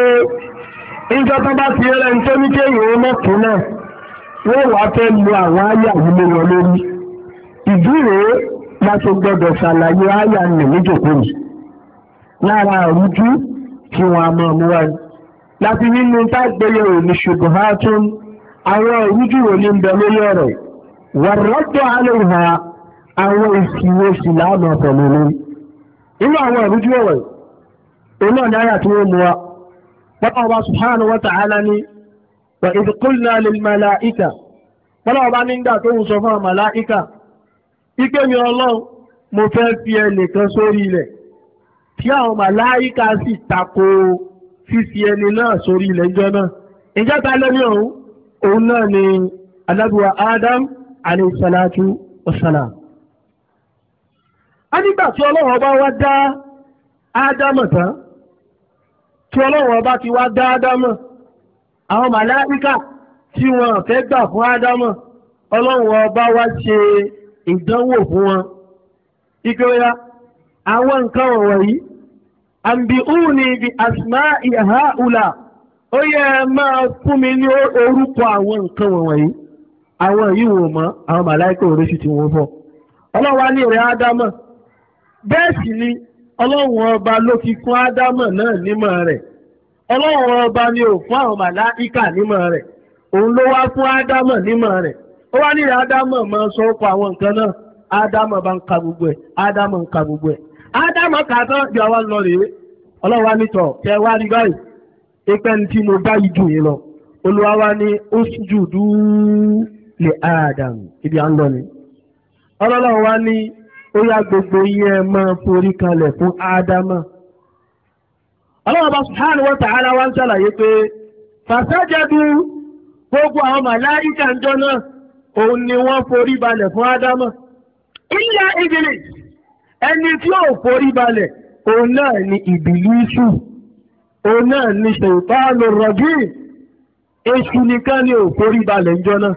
ìjọ tó bá ti rẹ̀ ń tó ní kéèyàn ọmọkùnrin náà wọ́n wá fẹ́ lu àwọn àyà ìlú wọn lórí ìdúró láti gbọdọ̀ ṣàlàyé àyà nìmíjòkó yìí lára òrújú kí wọ́n á máa mú wá ní. láti nínú tágbéyẹ̀wò ní ṣubuhatun àwọn ìrújú ní bẹ lórí ọ̀rọ̀ wàrọ́dọ̀ àlèhà àwọn ìsìnwó sì láàmú ọ̀pọ̀lú inú àwọn ìrújú ọ̀rọ̀ òun náà tí wọ́n mú wa. ọba subhanahu wa ta'ala ni wa idh qulna lil malaika ọba nígbà tó ń sọ fún àwọn ike mi ọlọ́run mo fẹ́ fi ẹnìkan sórí ilẹ̀ tí àwọn màláyíká sì tako fífi ẹni náà sórí ilẹ̀ ìjọ náà ìjọ ta lẹ́ni ọ̀hún òun náà ni alábùwà Adam aleyhisalatu wasalam. a nígbà tí ọlọ́run ọba wá dá Ádámù tán tí ọlọ́run ọba ti wá dá Ádámù àwọn màláyíká tí wọn fẹ́ gbà fún Ádámù ọlọ́run ọba wá ṣe ìdánwò fún wọn. ìgbéra àwọn nǹkan wọ̀nyí àǹbìúni bi àsìmá ìhà ùlà ó yẹ máa fún mi ni orúkọ awon nǹkan wọ̀nyí àwọn yìí wò mọ́ àwọn màláìkà oríṣi tí won ọlọ́wà bẹ́ẹ̀ sì ni ọba ló fi fún náà nímọ̀ rẹ̀ ọba ni ò fún àwọn màláìkà nímọ̀ rẹ̀ òun ló wá fún sọ àwọn nǹkan náà bá ń ka gbogbo ádámọ̀ kàtọ́ di ọwọ́ lọ rèé eh? ọlọ́wà nítọ̀ kẹ wá rí báyìí mo bá yìí dùn yìí lọ olúwa wa ní ó sùjù dúú lè ádámù ibi à ń lọ ni ọlọ́wà ní ó yá gbogbo ẹ máa forí kalẹ̀ fún ádámà ọlọ́wà bá subhanahu wa ta'ala wa ń ṣàlàyé pé gbogbo àwọn màláìkà ń jọ náà òun ni wọ́n forí balẹ̀ fún ẹni tí ò forí balẹ̀ òun náà ni ìbílísù òun náà ni ṣèǹtàánù rọ̀jì èṣù nìkan ni ò forí balẹ̀ ń jọ́nà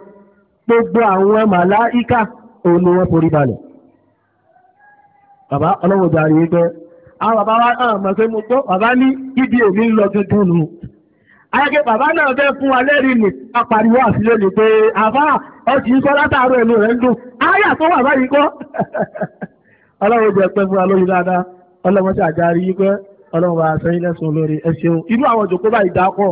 gbogbo àwọn màláíkà òun ni wọ́n forí balẹ̀. bàbá ọlọ́wọ́ jàre yìí pé àwọn bàbá wa náà mọ̀ pé mo gbọ́ bàbá ní ibi èmi ń lọ tuntun nù. ayẹ́kẹ́ bàbá náà fẹ́ fún wa lẹ́rìí nì apariwo àfilẹ́ ni pé àbá ọtí kọ́ látàárọ̀ ẹ̀mí rẹ̀ ń dùn áyà tó wà báyìí kọ́. ọlọ́run jẹ́ pẹ́ fún wa lórí dáadáa ọlọ́run ṣe àjárí yí pé ọlọ́run bá aṣọ yín lẹ́sùn olórí ẹ ṣeun irú àwọn òjòkó báyìí dápọ̀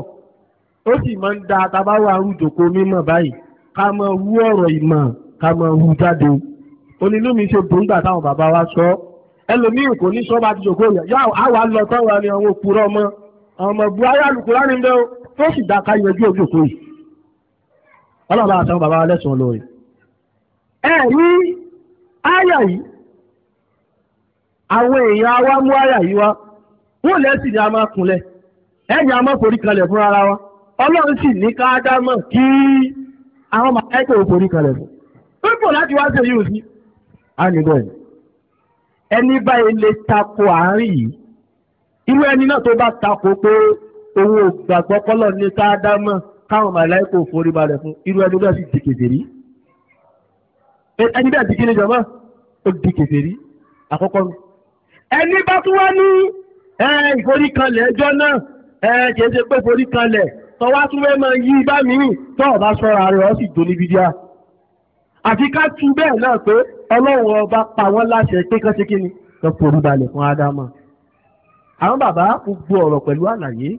ó sì máa ń da tabawa arú òjòkó mímọ̀ báyìí ká máa wú ọ̀rọ̀ ìmọ̀ ká máa wú jáde onílù ṣe dùn táwọn bàbá wa sọ ẹlòmíì kò ní sọ́ba ti jòkó yẹn yá àwa lọ táwa ni àwọn òpùrọ̀ ọmọ àwọn ọmọ bu ayé alùpùpù ní bẹ́ẹ̀ tó sì dá ká yanjú òjòkó yìí ọlọ́run bá aṣọ bàbá wa lẹ́sùn olórí ẹ rí yìí àwọn èèyàn awá mú àyà yìí wá wọ́n lẹ́sìn ni a máa kúnlẹ̀ ẹ̀yìn a máa forí kalẹ̀ fún ara wa ọlọ́run sì ní ká dámọ̀ kí àwọn màláìkà ò forí kalẹ̀ fún pípọ̀ láti wá sí yìí sí. a ní bẹ́ẹ̀ ẹni báyìí lè tako àárín yìí irú ẹni náà tó bá tako pé òun ò gbàgbọ́ pọ́lọ́ ní ká dámọ̀ káwọn màláìkà ò forí balẹ̀ fún irú ẹni náà sì ti kèfèrí ẹni bẹ́ẹ̀ ti kí ni jọ̀mọ́ ó di kèfèrí àkọ́kọ́ mi ẹni bá tún wá ní ìforíkanlẹ̀ ẹjọ́ náà kìí ṣe pé ìforíkanlẹ̀ tọ́wá tún fẹ́ máa yí ibá mìíràn tó ọ̀bá sọ́ra rẹ̀ ọ́ sì dóní bídíà àfi ká tu bẹ́ẹ̀ náà pé ọlọ́run ọba pa wọ́n láṣẹ pé kán ṣe kí ni kán forí balẹ̀ fún ádámà àwọn bàbá gbogbo ọ̀rọ̀ pẹ̀lú àlàyé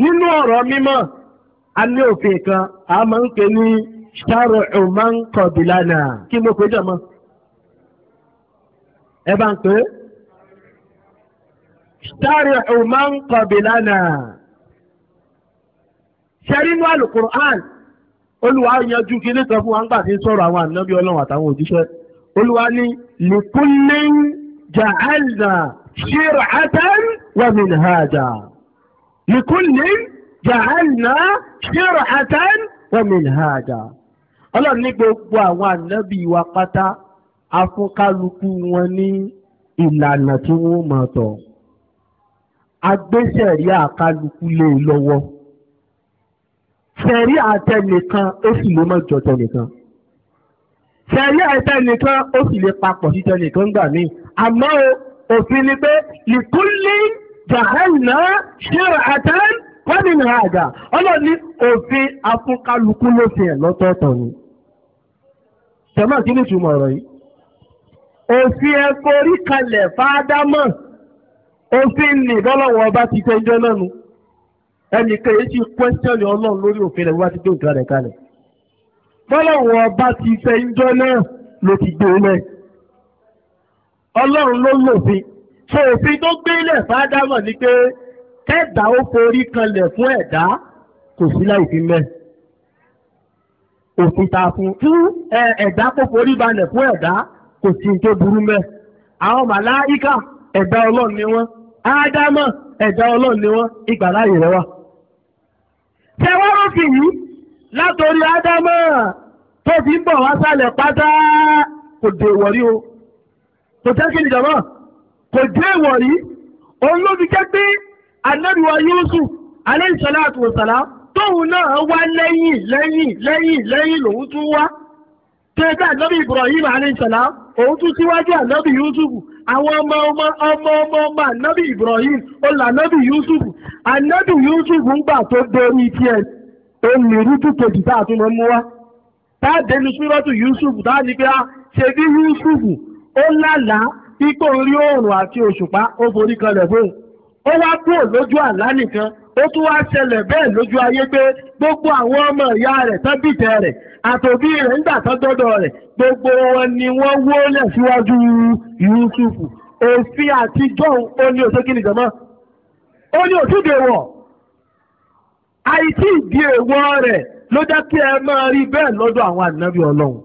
nínú ọ̀rọ̀ mímọ́ a ní òfin kan a máa ń pè ní ṣàrọ̀ ọ̀mọ́ ń kọ̀ bìlánà kí mo pe jọ̀mọ́ ẹ bá ń pè é. sari'u man qabilana sẹ́rínú alukur'an olùwà yanjú kí nìkan fún wa ń gbà tí ń sọ̀rọ̀ àwọn ànábì ọlọ́run àtàwọn òjíṣẹ́ olùwà ní likullin ja'alna shir'atan wa minhaja likullin ja'alna shir'atan wa ní gbogbo àwọn ànábì wa pátá afúnkálukú wọn ní ìlànà tí wọ́n máa tọ̀ agbésẹ̀rí àkálukú lé e lọ́wọ́ sẹ̀rí àtẹnìkan ó sì lè má jọ tẹnìkan sẹ̀rí àtẹnìkan ó sì lè papọ̀ sí tẹnìkan gbà míì àmọ́ òfin ni pé ìkúlé jàhánà ṣíra àtẹn kọ́nìnà àjà ọlọ́ni òfin afúnkálukú ló fi ẹ̀ lọ́tọ̀ọ̀tọ̀ ni tẹ̀mọ́ kí ni ìtumọ̀ ọ̀rọ̀ yìí òfin ẹ̀kọ́ orí kalẹ̀ fáádámọ̀ òfin ní bọ́lọ́wọ́ ọba ti tẹ́ ẹjọ́ náà nu ẹnìkan èyí ti kwẹ́sítẹ́nì ọlọ́run lórí òfin rẹ̀ wá ti gbé nǹkan rẹ̀ kalẹ̀ bọ́lọ́wọ́ ọba ti tẹ́ ẹjọ́ náà ló ti gbé e lẹ̀ ọlọ́run ló lòfin tó òfin tó gbé lẹ̀ fáádámọ̀ ni pé kẹ́ẹ̀dá ó forí fún ẹ̀dá kò sí láì fi mẹ́ òfin ta fún fún ẹ̀dá kó forí balẹ̀ fún ẹ̀dá kò sí ní mẹ́ àwọn màláíkà ẹ̀dá ọlọ́run ni wọ́n ádámọ̀ ẹ̀dá ọlọ́run ni wọ́n ìgbà láàyè rẹ ṣé wọ́n rò sí yìí látòrí ádámọ̀ tó fi bọ̀ wá sálẹ̀ pátá kò dé o kò jẹ́ kí nìjọba kò dé ìwọ̀rí òun ló fi jẹ́ pé anábìwá tóun náà wá lẹ́yìn lẹ́yìn lẹ́yìn lòun tún wá tó ẹgbẹ́ ànábì òun tún síwájú ànábì Yusuf, àwọn ọmọ ọmọ ọmọ ọmọ ọmọ ànábì ibrahim olè ànábì Yusuf, ànábì Yusuf ń gbà tó dorí tiẹ̀ onírútú kejì tá a tún lọ mú wá tá a dẹnu súrọ́tù yusufu tá a ní pé a ah, ṣe bí yusufu ó lálàá pípọ̀ orí oòrùn àti òṣùpá ó forí kanlẹ̀ fóun ó wá kúrò lójú àlá nìkan ó tún wá ṣẹlẹ̀ bẹ́ẹ̀ lójú ayé pé gbogbo àwọn ọmọ ìyá rẹ̀ tán bìtẹ̀ rẹ̀ àtòbí rẹ̀ nígbà tán dọ́dọ̀ rẹ̀ gbogbo wọn ni wọ́n wólẹ̀ síwájú Yusuf òfin àtijọ́ ó ní òṣèkí ni jọ̀mọ́ ó ní òtúndè wọ̀ àìsí ìdí èèwọ̀ rẹ̀ ló jẹ́ kí ẹ máa rí bẹ́ẹ̀ lọ́dọ̀ àwọn ànábì Ọlọ́run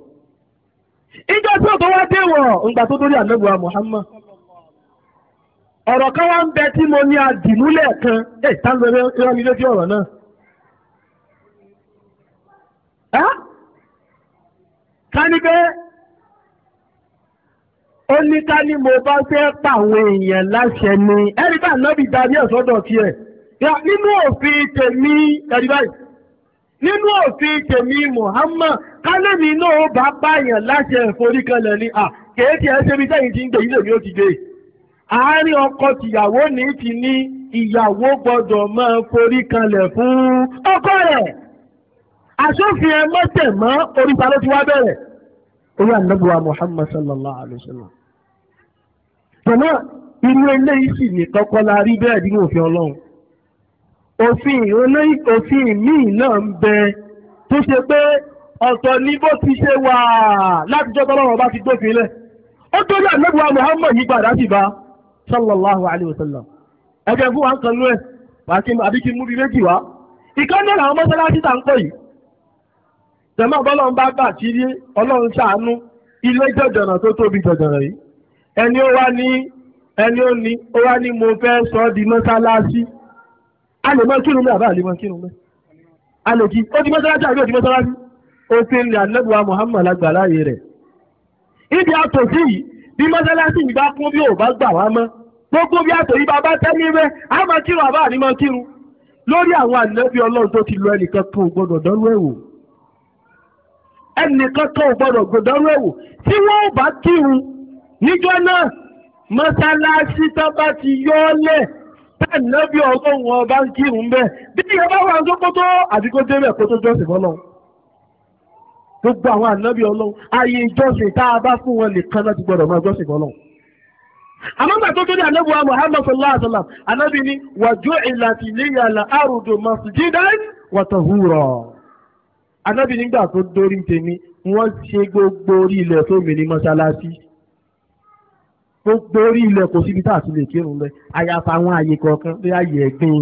ìjọ tí òbá wá dé wọ̀ ǹgbà tó dórí ànábì wa Muhammad ọ̀rọ̀ kan wá ń mo ní kan ẹ̀ tá rán mi lójú ọ̀rọ̀ ká ó mo bá fẹ́ èèyàn láṣẹ ni ẹni bá darí ọ̀sọ́dọ̀ tiẹ̀ nínú òfin tèmi ẹ̀rí nínú òfin tèmi Muhammad kálẹ́mi náà ó bá báyàn láṣẹ ni à kéèké ẹsẹ̀ mi sẹ́yìn ti ń ọkọ tìyàwó ní ti ní ìyàwó gbọdọ̀ fún ọkọ rẹ̀. àṣòfin ẹ mọ́tẹ̀ mọ́ oríta ló ti wá bẹ̀rẹ̀ orí ànábùwà Muhammad sallallahu alayhi wa sallam. tọ́lá irú eléyìí sì ní kọ́kọ́ la rí bẹ́ẹ̀ nínú òfin ọlọ́run òfin òfin míì náà ń ni bó ti ṣe wà láti jọ́ tọ́lọ́run ti gbófin lẹ̀ ó tó lé ànábùwà Muhammad yìí sallallahu alayhi wa sallam ẹ̀jẹ̀ fún wa ń ẹ̀ àbí kí n méjì wá ìkànnì àwọn mọ́sálásí tẹ̀mọ́ bọ́lọ́n bá bà sí rí ọlọ́run ṣàánú ilé jọ̀jọ̀nà tó tóbi jọ̀jọ̀nà yìí ẹni ó wá ní ẹni ó ní ó wá ní mo fẹ́ sọ ọ́ di mọ́sálásí a lè mọ kírun mẹ́ àbá àlè mọ kírun mẹ́ a lè kí ó di mọ́sálásí àbí ó di mọ́sálásí òfin ní anábùwà Muhammad agbàláyé rẹ̀ ibi àtòsí yìí bí mọ́sálásí yìí bá kún bí ò bá gbà wá mọ́ gbogbo bí àtòyí bá bá tẹ́ níbẹ̀ a máa kírun àbá àní máa kírun lórí àwọn ànábì ọlọ́run tó ti lọ ẹnìkan kan ò gbọdọ̀ dánwó ẹ̀wò ẹnìkan kan ò gbọdọ̀ gbọdọ̀rú ẹ̀wò tí wọ́n ò bá kírun níjọ́ náà mọ́sálásí tó bá ti yọ ọ́ lẹ̀ bẹ́ẹ̀ nẹ́bí ọlọ́run ọba ń kírun bẹ́ẹ̀ bí ìyá bá wà sókótó àbí kó débẹ̀ kó tó jọ́sìn fọ́lọ́ gbogbo àwọn ànábì ọlọ́run ayé ìjọsìn tá a bá fún wọn nìkan láti gbọdọ̀ máa jọ́sìn fọ́lọ́ àmọ́ gbà tó kéde ànábì wa Muhammad sallallahu alaihi wa sallam ànábì ni wàjú ìlàtìlẹ́yà la àrùdò masjidan wa anábì nígbà tó dórí tèmi wọ́n ṣe gbogbo orí ilẹ̀ fómi ní mọ́ṣáláṣí gbogbo orí ilẹ̀ kò síbi tá a ti lè kírun lẹ àyàfà àwọn àyè kọ̀ọ̀kan bí àyè ẹ̀gbin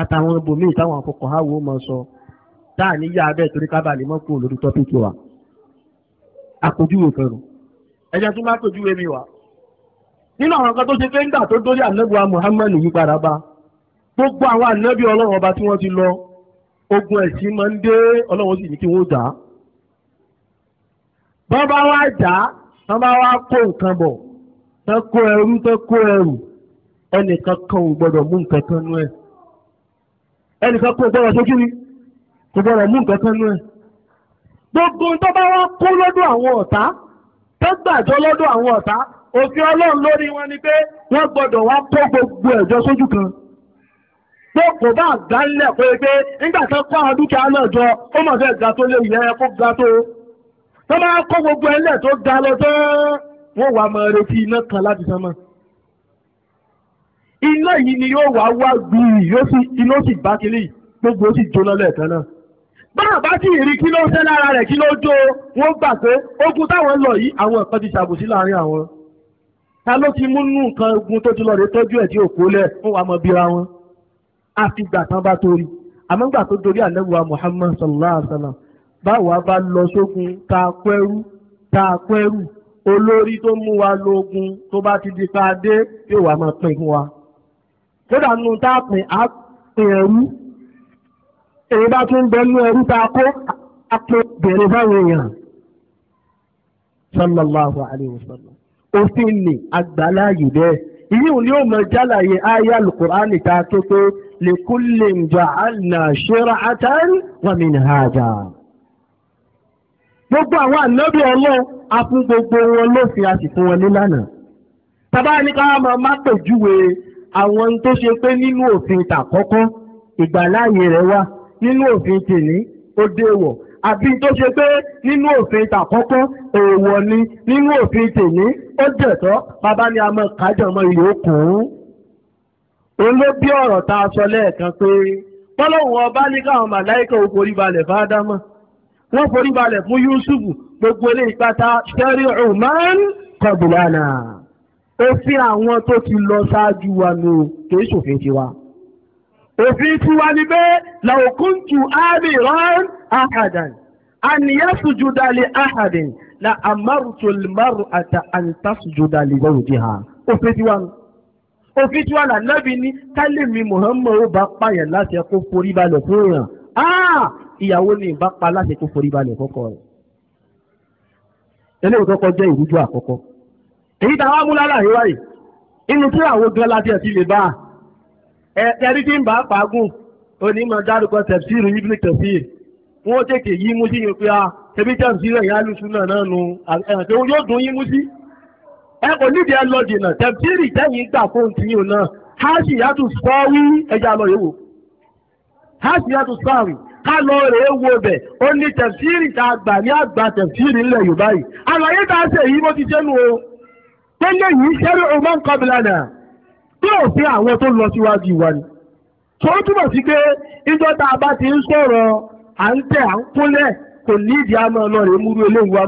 àtàwọn ibòmíì táwọn afọkànháwò mọ̀ sọ tá a níyà abẹ́ torí kábà lè mọ́ kú lórí tọ́pìkì wa àpèjúwe kan rò ẹ̀jẹ̀ tó má pèjúwe mi wá nínú àwọn kan tó ṣe pé nígbà tó dórí ànábì wa Muhammad yí padà bá gbogbo àwọn ànábì Ọlọ́run ọba tí wọ́n ti lọ ogun ẹ̀sìn máa ń dé ọlọ́run sì ní kí wọ́n jà á bọ́n bá wá jà á wọ́n bá wá kó nǹkan bọ̀ tán kó ẹrú tán kó ẹrù ẹnìkan kan ò gbọ́dọ̀ mú nǹkan kan nú ẹ̀ ẹnìkan gbọ́dọ̀ ṣe kò gbọ́dọ̀ mú nǹkan kan nú ẹ̀ gbogbo tó bá wá kó lọ́dọ̀ àwọn pé kò bá gbálẹ̀ pé pé nígbà tó kọ́ àwọn dúkìá náà jọ ó mọ̀ fẹ́ ga tó lé ìyẹn kó ga tó tó máa kó gbogbo ẹlẹ́ tó ga lọ tó wọ́n wà máa retí iná kan láti sánmọ̀ iná yìí ni yóò wá wá gbìyì iná sì bá kiri gbogbo sì jóná lẹ́ẹ̀kan náà báà bá sì rí kí ló ń ṣe lára rẹ̀ kí ló jó wọ́n gbà pé ogun táwọn lọ yìí àwọn ẹ̀kọ́ ti ṣàbòsí láàrin àwọn ta ló ti mú nù nǹkan ogun tó ti lọ rè tọ́jú ẹ̀ tí ò kó lẹ̀ fún wa mọ bíra wọn àfi gbà tán bá torí àmọ́ gbà tó dorí àlẹ́wà Muhammad sallallahu alayhi wa sallam báwa bá lọ sógun tá a kọ́ ẹrú tá a kọ́ ẹrú olórí tó mú wa lógun tó bá ti di ká dé yóò wá máa pín fún wa kódà nù tá a pín á pín ẹrú èyí bá tún bẹnu ẹrú tá kó a pé bèrè fáwọn èèyàn sallallahu alayhi wa sallam òfin ni àgbàláyè bẹ́ẹ̀ ìyí ni ó mọ jálàyé ayé alukur'ani tá a ké لكل جعلنا شرعة ومنهاجا gbogbo àwọn ànábì ọlọ́run a fún gbogbo wọn lófin a sì fún wọn nílànà tàbá ní ká máa má pèjúwe àwọn tó ṣe pé nínú òfin tàkọ́kọ́ ìgbàláyè rẹ̀ wà nínú òfin tìní ó déwọ̀ àbí tó ṣe pé nínú òfin tàkọ́kọ́ èèwọ̀ ni nínú òfin tìní ó dẹ̀tọ́ bàbá ni a máa kájọ̀ mọ́ ilé òun ló bí ọ̀rọ̀ tá a sọ lẹ́ẹ̀kan pé tọ́lọ́hùn ọba ní káwọn màláìkà ò forí balẹ̀ fún ádámà wọ́n forí balẹ̀ fún yusuf gbogbo ilé ìpátá sẹ́rí ọ̀hún kọ̀bùlánà òfin àwọn tó ti lọ ṣáájú wa nù kìí ṣòfin tiwa òfin tiwa ni pé làókùntù ámì rán ahadan àníyàsùjúdalè ahadan la amárùtòlmárù àtà àǹtàsùjúdalè lọ́rùn jìhà òfin tiwa nù òfin tí wọn là nábì ní kálẹ̀mí Muhammad ó bá pààyàn láti ẹ̀kọ́ forí balẹ̀ fún èèyàn ah! ìyàwó ni ìbá pa láti ẹ̀kọ́ forí balẹ̀ kọ́kọ́ rẹ̀ eléyìí kọ́kọ́ jẹ́ ìrújú àkọ́kọ́ èyí tá a wá mú lára àríwá yìí inú tí àwọn gan láti ẹ̀sìn lè bá a ẹ̀rí tí ń bá a pàágùn onímọ̀ dárúkọ tẹ̀síìrì Ibn Kathir wọ́n tètè yí mú sí yín pé a ah, tẹ̀bí tẹ̀síìrì ẹ̀yà lùsùn náà náà nù ẹ kò nídìí ẹ lọ dìnà tẹ̀síìrì tẹ̀yìn gbà fóun tí yìí náà háàsì yàtò sọ́ọ́rí ẹja lọ yẹ̀wò háàsì yàtò sọ́ọ̀rì ká lọ rèé wo bẹ̀ ó ní tẹ̀síìrì tá a gbà ní àgbà tẹ̀síìrì ńlẹ̀ Yorùbá yìí àlàyé tá a ṣe yìí mo ti ṣe nu o tó lè yìí ṣẹ́rí ọmọ nǹkan bìlà náà tí ò fi àwọn tó lọ síwájú wa ni. tó túmọ̀ sí pé ìjọ tá a bá ti ń sọ̀rọ̀ à ń tẹ̀ à ń kúnlẹ̀ kò ní àmọ́ ọlọ́rẹ̀ múrú eléwu wa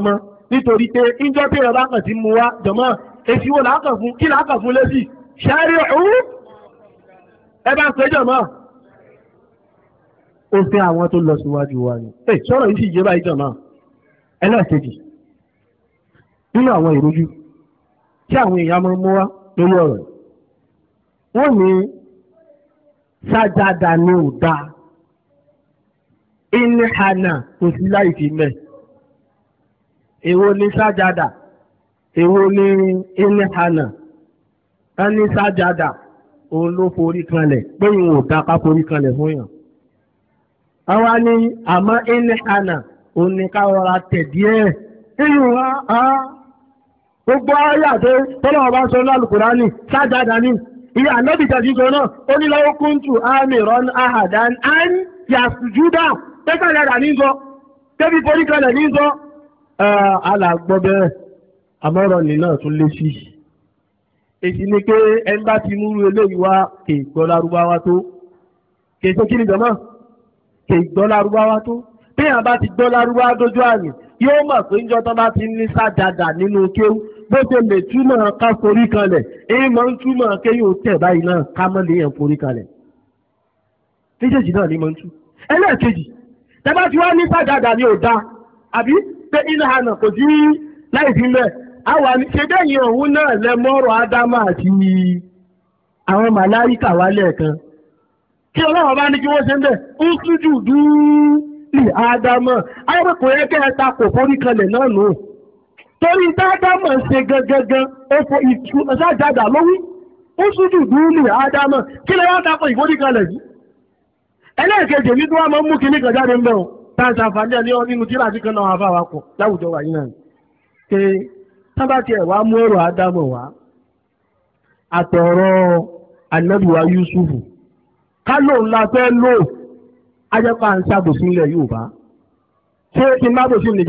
nítorí pé ìjọ tí ìrọ̀bá kan ti mú wa jọ̀mọ́ èsì wo làákàn fún kí làákàn fún lẹ́sì ṣáárí ọ̀hún ẹ bá ń pè jọ̀mọ́. ó fẹ́ àwọn tó lọ síwájú wa ni sọ̀rọ̀ yìí sì jẹ́ báyìí jọ̀mọ́ ẹlẹ́ẹ̀kejì nínú àwọn ìrújú tí àwọn èèyàn máa ń mú wá lórí ọ̀rọ̀ wọ́n ní sájádà ni ò dáa ìnìhànà kò sí láì fi mẹ́ẹ̀ èwo ni sájàdà èwo ni ilhana wọn ní sájàdà òun ló forí kanlẹ̀ pé ìwọ̀n ò dá ká forí kanlẹ̀ fún yàn. àwa ni àmọ́ ilhana òun ni ká rọra tẹ̀ díẹ̀ ìwọ̀n á gbogbo ayé àti tọ́lọ́ ọba sọ lálùkùránì sájàdà ni ìyá ànábì tàbí gan náà ó ní lọ́wọ́ kúntù àmì rọ́n àhàdán án yàtújúdà tẹ́sán yàrá ní sọ tẹ́bí forí kanlẹ̀ ní sọ alàgbọ́ ah, bẹ́ẹ̀ àmọ́rọ̀ ni náà tún lé sí èsì ni pé ẹni bá ti múrú eléyìí wá kè gbọ́ lárúbáwá tó kè ṣe kí ni jọmọ́ kè gbọ́ lárúbáwá tó bí àwọn bá ti gbọ́ lárúbáwá dojú àmì yóò mọ̀ pé ń jọ tán bá ti ní sàdàdà nínú kéwú bó ṣe lè túmọ̀ ká forí kanlẹ̀ èyí máa ń túmọ̀ kéyìn tẹ̀ báyìí náà ká mọ́ lè yàn forí kanlẹ̀ méjèèjì náà ni máa ń tú ẹlẹ́ẹ̀kejì tẹ́ bá ti wá ní sàdàdà ni ò dáa àbí pé ìlànà kò sí láì sí mẹ́ àwa ní ṣe bẹ́yìn òun náà lẹ mọ́rọ̀ ádámà àti àwọn màláríkà wá lẹ́ẹ̀kan kí ọlọ́run bá ní kí wọ́n ṣe ń bẹ̀ ní ádámà àwọn kò yẹ kò náà nù torí tádámà ṣe gangan ó fọ ìtú ṣáàjàdà lówí ó tújù dúró ní ádámà kí yìí ẹlẹ́ẹ̀kejì ní tí wọ́n máa ń mú kinní kan jáde ń táàsì àǹfààní ẹ̀ nínú tíra àti náà àfa wa láwùjọ wà yìí náà pé tábà tiẹ̀ mú ọ̀rọ̀ Ádámọ̀ wá àtọ̀rọ̀ ànábìwá Yúsùfù ká lò ajẹ́pà ń ṣàbòsí ilẹ̀ Yorùbá ṣé kí n má bòsí ní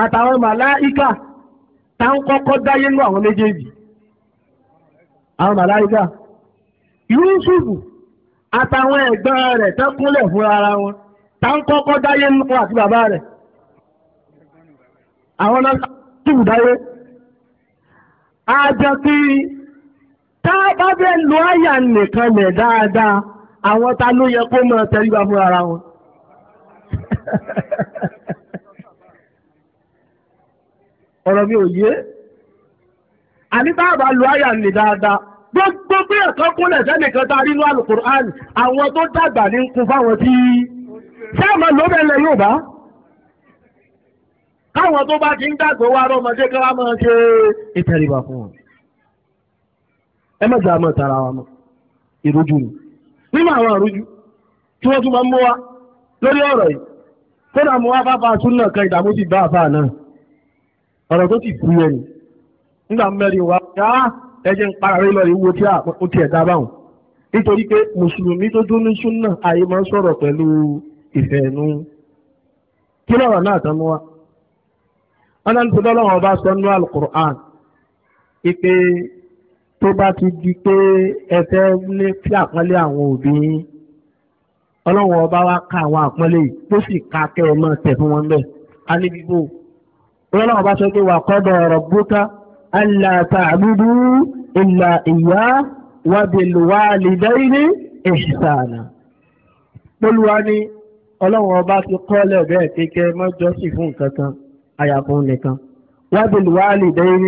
àtàwọn àtàwọn ẹ̀gbọ́n rẹ̀ tán kúnlẹ̀ fún ara wọn tá ń kọ́kọ́ dáyé nínú àti bàbá rẹ̀ àwọn náà tìbù dáyé. àjọ tí tá a bá fẹ́ lo àyà nìkan lẹ̀ dáadáa àwọn ta ló yẹ kó máa tẹríba fún ara wọn. ọ̀rọ̀ mi ò yé àní tá a àyà nì dáadáa gbogbo bí ẹ̀kan kúnlẹ̀ sẹ́nìkan tá a rí inú alukur'an àwọn tó dàgbà ní kú fáwọn tí sáàmà ló bẹ̀lẹ̀ yóò bá káwọn tó bá ti ń dàgbà wá rọmọdé kí wọ́n máa ṣe ìtẹríba fún wọn. ẹ má jà tara wa mọ́ ìrújú ni nínú àwọn àrújú tí wọ́n tún máa ń mú wa lórí ọ̀rọ̀ yìí kódà mú wá fáfá súnà kan ìdààmú ti bá àfáà náà ọ̀rọ̀ tó ti kú yẹn nígbà mẹ́rin wa ṣáá ẹ jẹ́ ń para rí lọ ìwúwo tí ó tiẹ̀ dá báwọn nítorí pé mùsùlùmí tó dún ní súnà àyè máa ń sọ̀rọ̀ pẹ̀lú ìfẹ́ ẹnu kí lọ́rọ̀ náà tán mú wa wọn náà ń tó lọ́wọ́ ọba sọ nínú alukur'an ipe tó bá ti di pé ẹ ní fi àpọ́nlé àwọn òbí yín ọba wa ka àwọn àpọ́nlé yìí tó sì ka kẹ́ ẹ máa tẹ̀ fún wọn bẹ́ẹ̀ á níbi bò ọlọ́wọ́n ọba sọ pé wà kọ́ ألا تعبدوا إلا إياه وبالوالدين إحسانا Olúwa ni ọlọ́run ọba ti kọ́lẹ̀ bẹ́ẹ̀ kékeré mọ́jọ́sì fún nǹkan kan àyàfún nìkan. وبالوالدين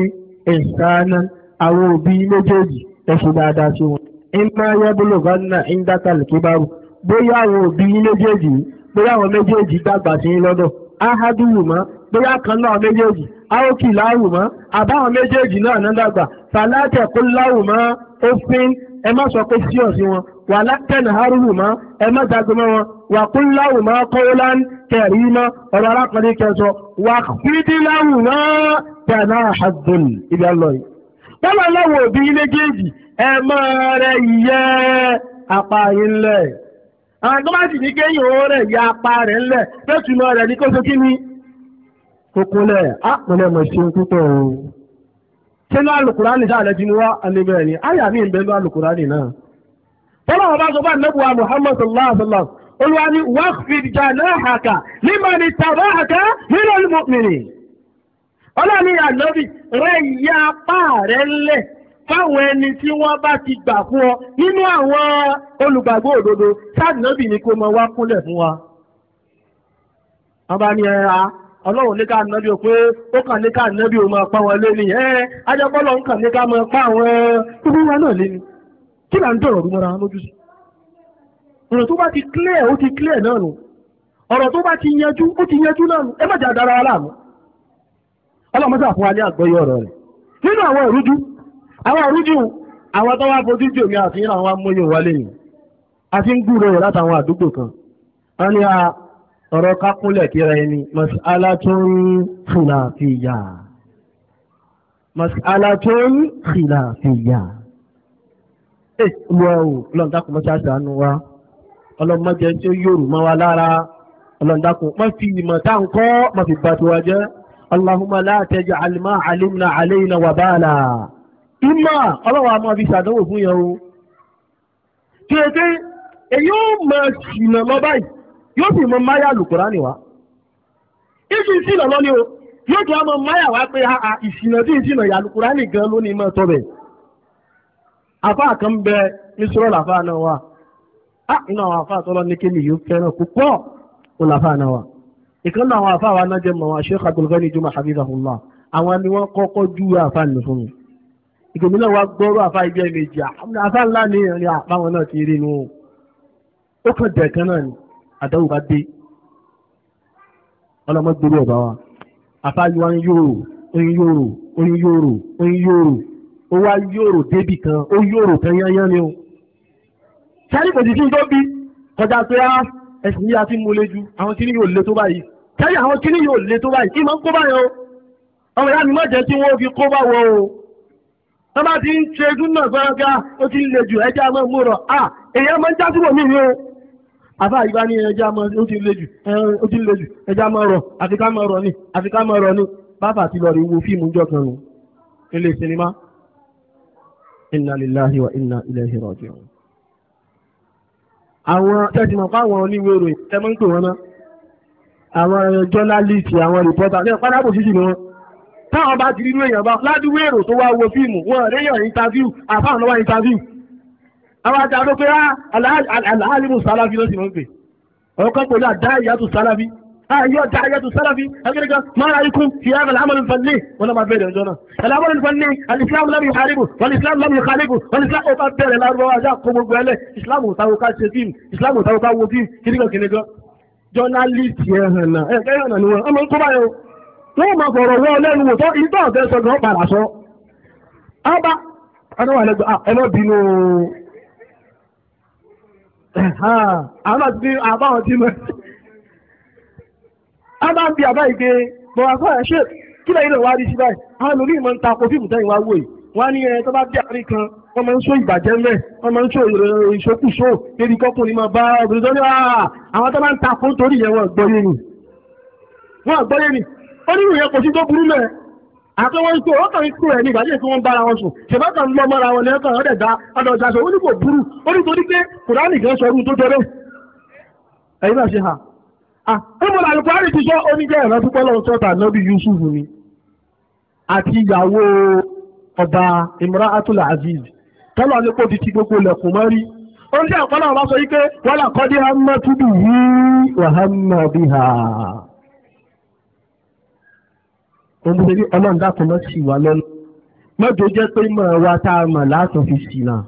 إحسانا àwọn òbí méjèèjì ẹ ṣe dáadáa sí wọn. imma yablughanna indaka al-kibaru bóyá àwọn òbí méjèèjì bóyá àwọn méjèèjì dàgbà sí lọ́dọ̀ ahaduhuma bóyá kan náà méjèèjì áókì láwùmọ́ àbáwọn méjèèjì náà náà dàgbà fàlàtẹ̀ kó láwùmọ́ òfin ẹ má sọ pé sí ọ̀sìn wọn wà látẹ̀nà hárùmọ́ ẹ má dàgbọ́mọ́ wọn wà kó láwùmọ́ kọ́wọ́lán kẹrì mọ́ ọ̀rọ̀ arákùnrin kẹsọ wà fídí láwùmọ́ dáná àhàdùn ibi àlọ́ yìí. wọ́n lọ lọ́wọ́ òbí méjèèjì ẹ máa rẹ ìyẹ́ apá yín lẹ̀. àwọn tó ní kéyìn òun rẹ̀ apá rẹ̀ ńlẹ̀ fẹ́ẹ́ túmọ̀ rẹ̀ ní kó kókólẹ̀ àpẹẹlẹ̀ mọ̀ ṣeun púpọ̀ o ṣé ní alukurani sáàlẹ̀ ti ní wá alẹ́bẹ̀rẹ̀ ni àyà ní ìbẹ̀ ní alukurani náà tọ́lá wọn bá sọ bá nẹ́bùwà Muhammad sallallahu alaihi wa sallam olúwa ní waqfid janahaka liman ittaba'aka minal mu'minin ọlọ́ni ànábì rẹ̀ ya apá rẹ̀ fáwọn ẹni tí wọ́n bá ti gbà fún ọ nínú àwọn olùgbàgbọ́ òdodo sáàdìnábì ni kó mọ wá kúnlẹ̀ fún wa. wọ́n bá ní ẹ ọlọ́run ní ká nàbí o pé ó kàn ní ká nàbí o máa pa wọn lé ni ẹ ajẹ́pọ́lọ́ ń kàn ní ká máa pa àwọn náà kí là ń dọ̀rọ̀ lójú sí. ọ̀rọ̀ tó bá ti clear ó ti clear náà nù tó bá ti yanjú ó ti yanjú náà nù ẹ ní ọ̀rọ̀ rẹ̀ nínú àwọn àwọn àwọn tó wá fojú jù ọ̀rọ̀ kákúnlẹ̀ kíra ẹni mas'alatun khilafiyya mas'alatun khilafiyya ẹ wọ́n o ọlọ́ọ̀dàkùn mọ́tí àṣàánú wa ọlọ́mọdé tí ó yòrò mọ́ wa lára ọlọ́ọ̀dàkùn má fi ìmọ̀ tá ń kọ́ má fi bàtò wa jẹ́ allahumma la taj'al ma alimna alayna wabala ìmọ̀ ọlọ́wọ́ a máa fi fún yẹn o kí ẹ dé èyí ó máa ṣìnà lọ báyìí yóò sì mọ máyà lùkùránì wá ìsìn sí lọ́lọ́ ni o yóò tún ọmọ máyà wá pé ìsìnà tí ìsìnà yàlùkùránì gan ló ní mọ́ tọ́bẹ̀ àfáà kan bẹ mísírọ̀ làfáà náà wà á iná àwọn àfáà tọ́lọ́ ní kémi yóò fẹ́ràn púpọ̀ ó làfáà náà wà ìkan náà àwọn àfáà wa náà jẹ́ mọ̀ wọn Sheikh Abdul Ghani Juma hafizahullah àwọn ni wọ́n kọ́kọ́ ju àfáà nì fún mi ìgbèmí náà wá gbọ́rọ̀ àfáà ibi ẹ̀ méjì àfáà ńlá ni àfáà wọn náà ti rí nu ó kàn dẹ̀ kan náà ni àdáwò bá dé ọlọ́mọ gbèrú ọ̀bá wa àfáàyè wa ń yòrò ń yòrò ń yòrò ń yòrò ó wá yòrò débì kan ó yòrò kan yányán ni o sẹ́ni kò sì sí tó bí kọjá pé á ah, ẹ̀sìn yíya ti mú le ju àwọn kíní yóò le tó báyìí sẹ́ni àwọn kíní yóò le tó báyìí kí máa ń kó báyìí o ọmọ ìyá mi má jẹ́ kí wọ́n fi kó bá wọ o tọ́ba ti ń ṣe dúnà gbọ́ngá ó ti ń le jù ẹja máa ń múrọ̀ à ah, èèyàn máa ń já àfa àyíká ní ẹja máa ó ti le jù ó ti le jù ẹja máa rọ àti ká máa rọ ni àti ká rọ ni bàbá àti lọ́ọ̀rì wo fíìmù ńjọ kan nù ilé sinimá inna lillahi wa inna ilayhi raji'un. àwọn tẹ̀sìmọ̀ fáwọn oníwèrò tẹ́mọ́ǹtò wọn náà àwọn jọ́nálìtì àwọn rìpọ́tà ní ọ̀pá sísì ni wọn táwọn bá ti rí inú èèyàn bá ládùúgbò èrò tó wá wo fíìmù wọn àréyàn interview àfáànà wá interview àwọn àti àdó pé ah, aláàlìmù sálàfí ló sì mọ́ ń pè ọ̀rọ̀ kan kò ní àdá ìyàtò sálàfí ayé ọ̀dá ìyàtò sálàfí akérèkà máa ikú fi àgbàlá amọ̀lù fàlẹ́ wọn náà máa bẹ̀rẹ̀ ọjọ́ náà ẹ̀là amọ̀lù fàlẹ́ alìsílámù lámì ìhàríbù wọn ìsìlámù lámì ìhàríbù wọn ìsìlámù ó bá bẹ̀rẹ̀ lárúbáwá ajá kó gbogbo ẹlẹ́ ìsìlámù táwọn ká ṣe fíìmù ìsìlámù táwọn ká wo fíìmù kìnnìkan kìnnìkan jọ́nálìtì ẹ̀hàn náà ẹ̀kẹ́ ẹ̀hàn ni wọn ọmọ ń kó báyọ̀ wọ́n máa fọ̀rọ̀ wọ́ lẹ́nu wò tó ìtọ́ ọ̀fẹ́ sọ gan padà sọ. ọba ọdún wà lẹ́gbẹ̀ẹ́ ah, ẹlọ́bìnú àwọn àti àbáwọn tí mo a máa ń bi àbá ìgbé bọ̀ wá fún ẹ̀ṣẹ́ kí lẹ́yìn náà wá rí sí báyìí àwọn olórí ìmọ̀ ń ta kó fíìmù tẹ́yìn wá wò yìí wọ́n á ní ẹ tó bá bí àárín kan wọ́n máa ń sọ ìbàjẹ́ mẹ́ wọ́n máa ń sọ eh, ìṣokùṣò lórí kọ́kùnrin máa bá obìnrin tó ní àwọn tó máa ń ta kó torí yẹn wọ́n gbọ́yé ni wọ́n gbọ́yé ni ó ní ìròyìn kò tó burú mẹ́ẹ̀ àti wọn sọ wọn kàn ń kúrò ẹni ìgbàlẹ́ tí wọ́n bára wọn sùn ṣèbá kan lọ mọ́ra wọn lẹ́kàn ọ̀dẹ̀ dá ọ̀dọ̀ ìjà sọ ó ní kò burú ó ní torí pé kùránì kan sọ ọdún tó tọ́lẹ̀ ẹ̀yin náà ṣe hà á ó ti sọ oníjẹ́ ẹ̀rọ púpọ̀ lọ́wọ́ sọ́tà nọ́bí Yusuf ni àti ìyàwó ọba Imra atul Aziz tọ́lọ̀ ní ti ti gbogbo òun bí torí ọlọ́run dákun náà sì wá lọ́nà mọ́tò jẹ́ pé mọ̀ wa tá a mọ̀ láàtàn fi sì náà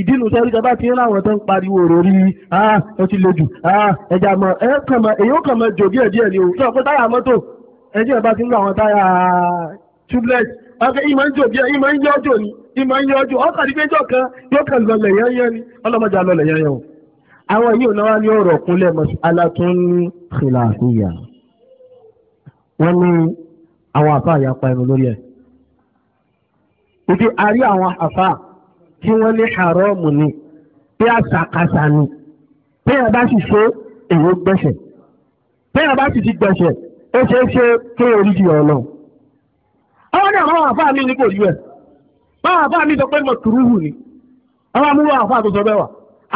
ìdínú sẹ́rí jọba ti ń láwọn tó ń pariwo òròrí ah ó ti le jù ah ẹja mọ ẹ kàn mọ èyí ó kàn mọ jò díẹ̀ díẹ̀ ni o sọ pé táyà mọ́tò ẹjẹ ìbá ti ń lọ táyà tubeless ọkẹ ìmọ̀ ń jò díẹ̀ ìmọ̀ ń yọ́jò ni ìmọ̀ ń yọ́jò ọkọ̀ ní péjọ kan yóò kàn lọlẹ̀ yẹ́yẹ́ ni ọlọ́mọdé alọ́lẹ̀ yẹ́yẹ́ o àwọn yìí ò náwó ní ọ̀rọ̀ kúnlẹ̀ mọ́ àwọn àfa àyàpá ẹnu lórí ẹ̀ ìdí àrí àwọn àfa tí wọ́n ní haramu ni bí àṣàkáṣà ni bí ẹ bá sì ṣe èyí gbẹ̀ṣẹ̀ bí ẹ bá sì ti gbẹ̀ṣẹ̀ ó ṣeé ṣe kí orí di ọ̀nà. àwọn ní àwọn àfa mi ní kò rí ẹ̀ báwọn àfa mi sọ pé mo kúrúhù ni àwọn amúlò àfa tó sọ bẹ́ẹ̀ wà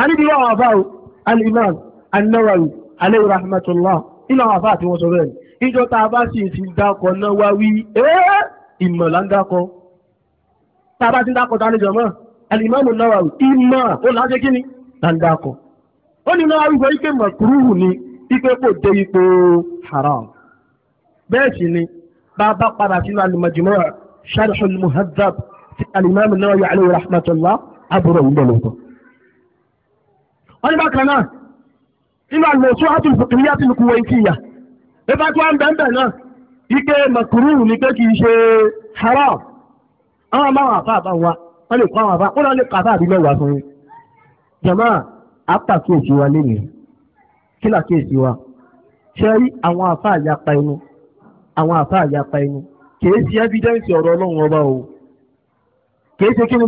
á níbi wọ́n àwọn àfa o al-imam an-Nawawi alayhi àfa àti wọn sọ bẹ́ẹ̀ ni níjọ́ tá a bá sì ti dákọ náà wá wí ẹ́ ìmọ̀ là ń dákọ tá a bá ti ń dákọ dání jọmọ́ alimami náà wà wí ìmọ̀ ó là ń ṣe kí ni là ń dákọ ó ní náà wíwọ ike mọ̀kúrúhù ni ike kò dé ipò haram bẹ́ẹ̀ sì ni bá a bá padà sínú alimajumọ́ sharh al-muhadhab ti alimami náà yà alayhi rahmatullah abúrò ìlú ọlọ́tọ̀ wọ́n ní bákan náà nínú àlọ́ tó hàtùlùkùnrin yàtùlùkùnrin wọ̀ ẹbá tó ń bẹ̀ẹ̀ náà ike mọ̀kúrú ni pé kì í ṣe haram àwọn máa àfa àbá wa wọ́n lè kọ́ àwọn àfa wọ́n lè kàfà àbí mẹ́wàá fún yín jama apàkíyèsí wa lẹ́yìn kí làkíyèsí wa ṣe rí àwọn àfa àyapa inú àwọn àfa àyapa inú kìí ṣe ẹ́fídẹ́ǹsì ọ̀rọ̀ ọlọ́run ọba o kìí ṣe kí ni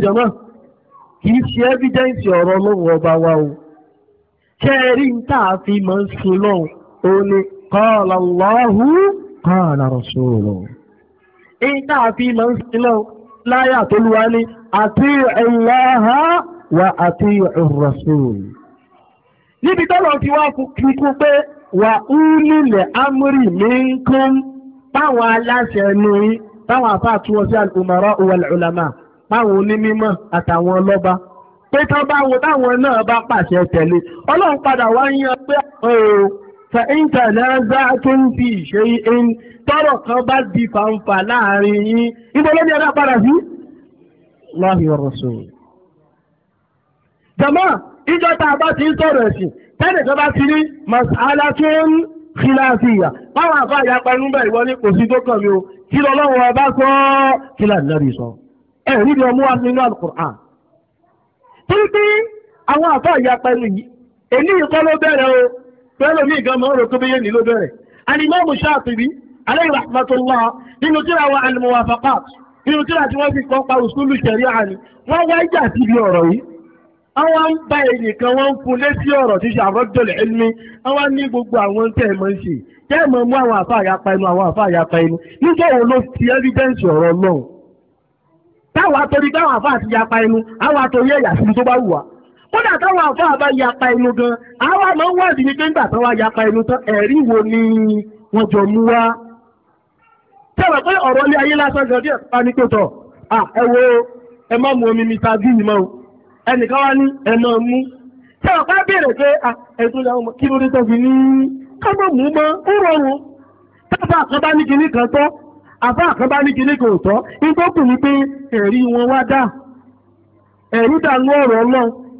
kìí ṣe ẹ́fídẹ́ǹsì ọ̀rọ̀ ọlọ́run ọba wa o ṣe rí ní qala Allahu qala rasuluhu. èyí tá a fi máa ń sin náà láyà tó lu wa ní ati'u Allaha wa ati'u ar-rasul. níbi tọ́lọ̀ ti wá kíkú pé wà ulil amri minkum táwọn aláṣẹ ní táwọn àfáàtúwọ̀ sí al-umara wal ulama táwọn onímọ̀ àtàwọn ọlọ́ba pé tán bá náà bá pàṣẹ tẹ̀lé ọlọ́run padà wá yan pé fẹ̀yìn tẹ̀lé záàtún fi ṣe é tọ́rọ̀ kan bá di fàǹfà láàrin yín ibo ló ní ẹ̀dá padà sí. láàrin ọ̀rọ̀ sọ̀rọ̀. jọ̀mọ́ ìjọ tá a bá ti ń sọ̀rọ̀ ẹ̀sìn tẹ́nìkan bá ti ní mas'ala tó ń kíláàsìyà báwọn àbá ìyá pẹ̀lú bẹ́ẹ̀ ìwọ ní kò sí tó kàn mí o kí lọ́lọ́wọ́ ọba sọ ọ́ kí làǹdàbí sọ. ẹ rí ni ọmú wa nínú alukur'an. torí pé àwọn àbá ìyá pẹ̀lú yìí pẹ́lú mi gan mọ́ rò tó bẹ́yẹ nílò bẹ̀rẹ̀ alimọ́mù Ṣáàtìbí alayhi rahmatullah nínú tíra wa al-muwafaqat nínú tíra tí wọ́n fi kọ́ pa usulu sharia ni wọ́n wá ìjà síbi ọ̀rọ̀ yìí àwọn ń bá ẹnìkan wọ́n ń fún létí ọ̀rọ̀ tí ṣàròjọlẹ̀ ẹni àwọn ní gbogbo àwọn tẹ́ ẹ mọ́ ń ṣe tẹ́ ẹ mọ́ mú àwọn àfa àyapa ẹnu àwọn àfa àyapa ẹnu nígbà wo ló ti ẹ́fídẹ́ǹsì ọ̀rọ̀ náà táwọn atorí báwọn àfa àti yapa ẹnu àwọn atorí ẹ̀yà síbi tó bá wù wá. kódà táwọn aba àbá yapa ẹnu gan àwa máa ń wádìí ní pé ńgbà ya yapa ẹnu tán ẹ̀rí wo ni wọn jọ mú wá. tẹ́lẹ̀ pé ọ̀rọ̀ ilé ayé lásán gan díẹ̀ pa ní tòótọ́ ẹ wo ẹ má mu omi mita bíi o ẹnìkan wá ní ẹ mú. pé pé kí ló dé ní ká má mú ó rọrùn. kan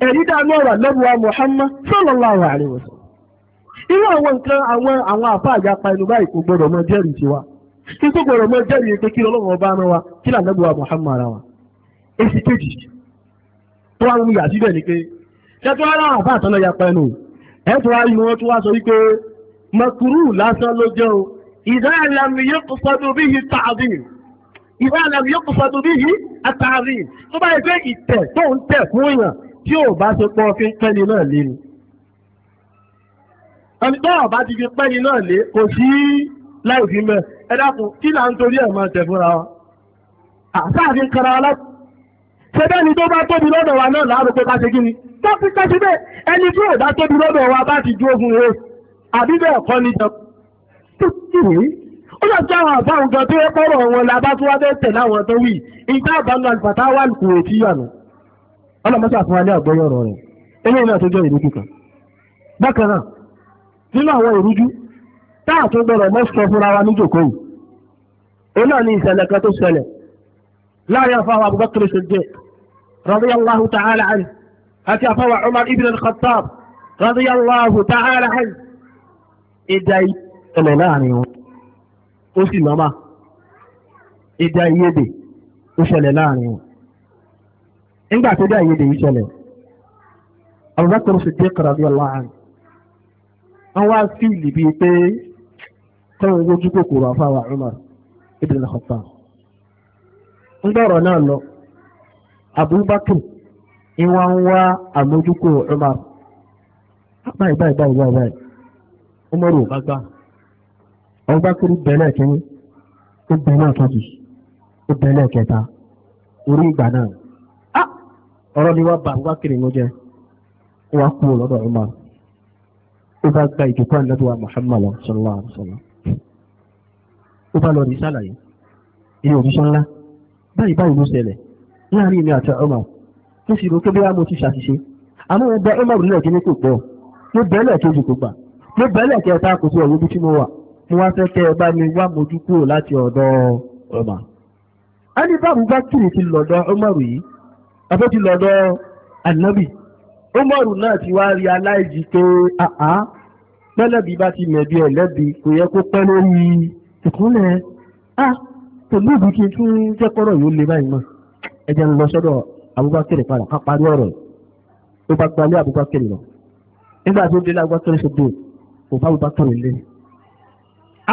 ẹ̀rí dànù ọ̀rọ̀ lẹ́bùwá Muhammad sallallahu alaihi wasallam irú àwọn nǹkan àwọn àwọn àfa àyapa ẹnu báyìí kò gbọdọ̀ mọ jẹ́rìí tiwa kí kò gbọdọ̀ mọ jẹ́rìí pé kí ọlọ́run ọba ara wa kí làlẹ́bùwá Muhammad ara wa èsì kejì tó ni pé sọ wípé makuru lásán ló jẹ́ o ìdá àlàmì yóò kó bí yìí ìdá àlàmì yóò kó tí ò bá ṣe pọ́ fi pẹ́ni náà lé ni ẹni tó ọ̀bá ti fi pẹ́ni náà lé kò sí láì fi mẹ́ ẹ dákun kí là ń torí ẹ̀ máa tẹ̀ fúnra wa àṣàfin kara wa láti ṣe bẹ́ẹ̀ ni tó bá tóbi lọ́dọ̀ wa náà láàrú pé ká ṣe kí ni tó fi ká ṣe bẹ́ẹ̀ ẹni tí ò bá tóbi lọ́dọ̀ wa bá ti dúró fún eré àbí bẹ́ẹ̀ kọ́ ni jẹ ó yà àwọn àbáwọn gan tó yẹ kọ́rọ̀ wọn la bá tún wá fẹ́ tẹ̀lé àwọn tó wì ìgbà ọlọ́mọṣà fún wa ní àgbọ́yọ̀ ọ̀rọ̀ rẹ̀ eléyìí náà tó jẹ́ ìrújú kan. bákan náà nínú àwọn ìrújú táà tó gbọdọ̀ mọ́sọ̀ fúnra wa ní jòkó yìí òun náà ní ìṣẹ̀lẹ̀ kan tó ṣẹlẹ̀ láàrin àfáwà Abubakar Siddiq radiyallahu ta'ala anhu àti àfáwà Umar ibn al-Khattab radiyallahu ta'ala anhu ìdá ìṣẹ̀lẹ̀ láàrin wọn ó sì mọ́mà ìdá ìyédè ó ṣẹlẹ̀ láàrin wọn. nígbà tó dé àyè lèyí ṣẹlẹ̀ Abubakar Siddiq radiyallahu anhu wọ́n wá fíìlì bíi pé kọ́wọ́n wojú kòkòrò àfáwà Umar ibn al-Khattab ń gbọ́rọ̀ náà lọ Abubakar ìwọ̀n ń wá àmójúkò Umar báyìí báyìí báyìí báyìí báyìí Umar ò bá gbà Abubakar bẹ̀rẹ̀ kẹ́yìn ó bẹ̀rẹ̀ kẹ́jì ó bẹ̀rẹ̀ kẹta orí ìgbà náà. ọ̀rọ̀ ni wá bá Abubakar inú jẹ́ ó wá kú lọ́dọ̀ Umar ó bá gba ìjókòó ànábì wa Muhammad sallallahu alaihi wasallam ó bá lọ rí sálàyé ilé òṣìṣẹ́ ńlá báyìí báyìí ló ṣẹlẹ̀ láàrin mi àti Umar mo sì rò pé bí wàá mo ti ṣàṣìṣe àmọ́ wọn gba Umar nílẹ̀ kíní kò gbọ́ ló bẹ́ẹ̀lẹ̀ kejì kò gbà ló bẹ́ẹ̀lẹ̀ kẹta kò sí ọ̀wọ́ bí tí mo wà mo wá fẹ́ kẹ́ ẹ bá mi wá mojú kúrò láti ọ̀dọ̀ Umar. a ní bá Abubakar ti lọ́dọ̀ Umar yìí ọ̀fẹ́ ti lọ́dọ̀ ànábì Umaru náà ti wá rí aláìjí pé àá pẹ́lẹ́bí bá ti mẹ̀bi ẹ̀ lẹ́bi kò yẹ kó pẹ́ lórí ìkúnlẹ̀ á ah, pẹ̀lú ìbí kí n tún jẹ́ kọ́rọ̀ yóò le báyìí mọ́ ẹ jẹ́ ń lọ sọ́dọ̀ Abubakar padà ká parí ọ̀rọ̀ ó bá gbalé Abubakar lọ nígbà tó délé Abubakar ṣe dé kò bá Abubakar lé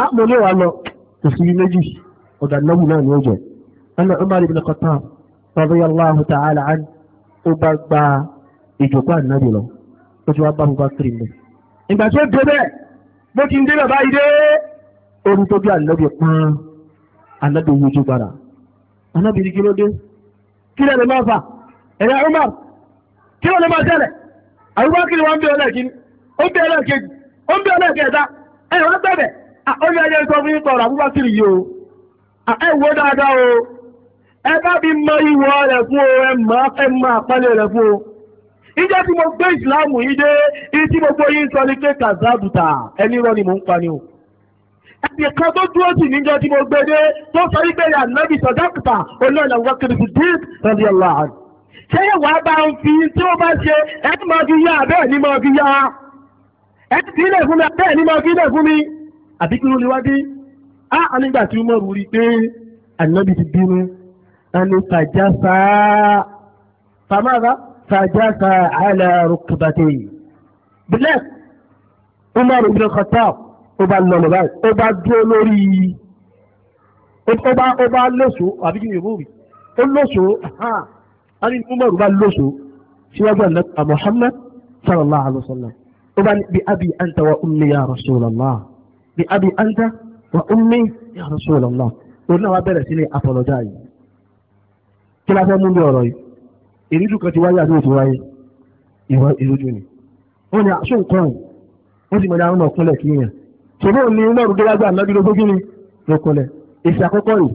á ah, mo lé wa lọ kò sí méjì ọ̀dà náà ni ó jẹ ọ̀nà Umar ibn radiyallahu ta'ala an ó bá gba ìjòkó ànábì lọ ó ti wá bá Abubakar mọ́. ìgbà tó dé bẹ́ẹ̀ bó ti ń dé bàbá yìí dé orí tó bí ànábì pọ́n ànábì wojú padà ànábì ní kí ló dé kí lè lè máa fà ẹ̀rẹ́ Umar kí ló lè máa tẹ̀lẹ̀ Abubakar wọn bí ọlẹ́kìn ó bí ọlẹ́kìn ó bí ọlẹ́kẹta ẹ̀ wọ́n bẹ̀rẹ̀ ó yẹ ẹni tó fi ń tọrọ Abubakar yìí o ẹ̀ wò dáadáa o. Ebe bá bí mọ ìwọ rẹ̀ fún o ẹ mọ̀ ọ́ fẹ́ mọ àpẹẹrẹ rẹ̀ fún o ìjẹ́ tí mo gbé ìsìláàmù yìí dé ibi tí gbogbo sọ ní pé ẹni rọ ni ń pa ni o. kan tó dúró sí tí mo gbé dé tó sọ wípé ànábì olóòlà ṣé ìwà bá ń fi tí ó bá ṣe máa fi yá máa fi yá ilẹ̀ fún mi máa fi ilẹ̀ أن تجسى فماذا فجسى على ركبتيه بالله عمر بن الخطاب ọba lọlọba ọba dúró lórí ọba ọba lóṣù àbí kí ni yòówù rí ó lóṣù àní Umaru bá lóṣù síwájú àlẹ́kà Muhammad sallallahu alaihi wasallam ọba ní bí abi anta wa ummi ya Rasulullah bí abi anta wa ummi ya Rasulullah òun náà wá bẹ̀rẹ̀ sí ní apologize yìí kí la fẹ́ mú bí ọ̀rọ̀ yìí ìrújú kan ti wáyé àti òtún wáyé ìwọ ìrújú ni wọ́n ní aṣọ nǹkan yìí wọ́n sì mọ̀dá àwọn ọ̀kúnlẹ̀ kí yẹn ṣùgbọ́n ní lọ́rùn tó lágbà ni lọ́kúnlẹ̀ èsì àkọ́kọ́ yìí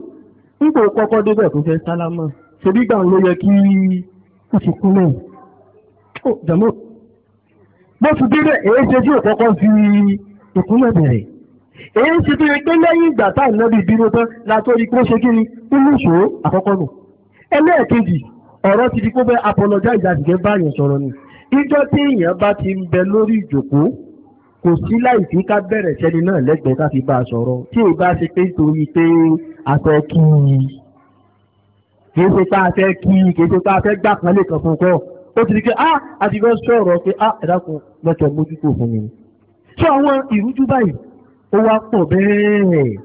ń kò kọ́kọ́ débẹ̀ tó fẹ́ sálámà ṣebí gbà ń ló yẹ kí ó ti kúnlẹ̀ ó jàmọ́ bó ti débẹ̀ èyí ṣe tí òkọ́kọ́ fi ìkúnlẹ̀ bẹ̀rẹ̀ èyí ṣe tó yẹ pé ìgbà táà náà bí bínú tán látọ́rí pé ó ṣe kí ni ó lóṣòó ẹlẹ́ẹ̀kejì ọ̀rọ̀ ti di pé bẹ́ẹ̀ apọlọjá ìjàdìgẹ́ báyọ̀ sọ̀rọ̀ ni ìjọ tí èèyàn bá ti ń bẹ lórí ìjókòó kò sí láì fi ká bẹ̀rẹ̀ sẹ́ni náà lẹ́gbẹ̀ẹ́ ká fi bá a sọ̀rọ̀ tí ì bá ṣe pé nítorí pé a fẹ́ kí i kìí ṣe pé a fẹ́ kí i kìí ṣe pé a fẹ́ gbà kan lè kàn fún kọ́ ó ti di pé ah, a àti fẹ́ sọ̀rọ̀ pé a ah, ẹ̀dá kan mẹ́tọ̀ mójútó fún mi. ṣé àwọn ìrújú báyìí ó wá pọ̀ bẹ́ẹ̀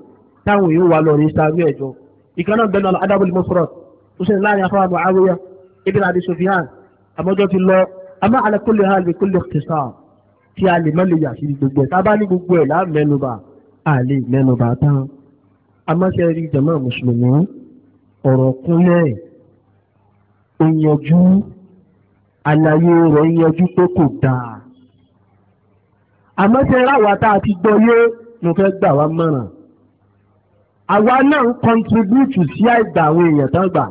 táwọn èèyàn wà lọ rí sáré ẹ̀jọ́ ìkànnà bẹ́ẹ̀ náà adábọ̀lì mọ́sọ̀rọ̀ ó ṣẹlẹ̀ láàrin afárá Muawiya ibn Abi Sufyan àmọ́jọ́ ti lọ àmọ́ ala kulli hal bi kulli ikhtisar tí a lè má lè yà sí gbogbo ẹ̀ tá a bá ní gbogbo ẹ̀ láà mẹ́nuba a lè mẹ́nuba tán àmọ́ ṣe rí jàmá mùsùlùmí ọ̀rọ̀ kúnlẹ̀ ìyànjú àlàyé rẹ̀ ìyànjú tó kò dáa àmọ́ ṣe ráwa tá a ti gbọ́ yé mo fẹ́ gbà wá mọ̀ràn àwa náà ń kọ́ntribútù sí àìgbà àwọn èèyàn tán gbà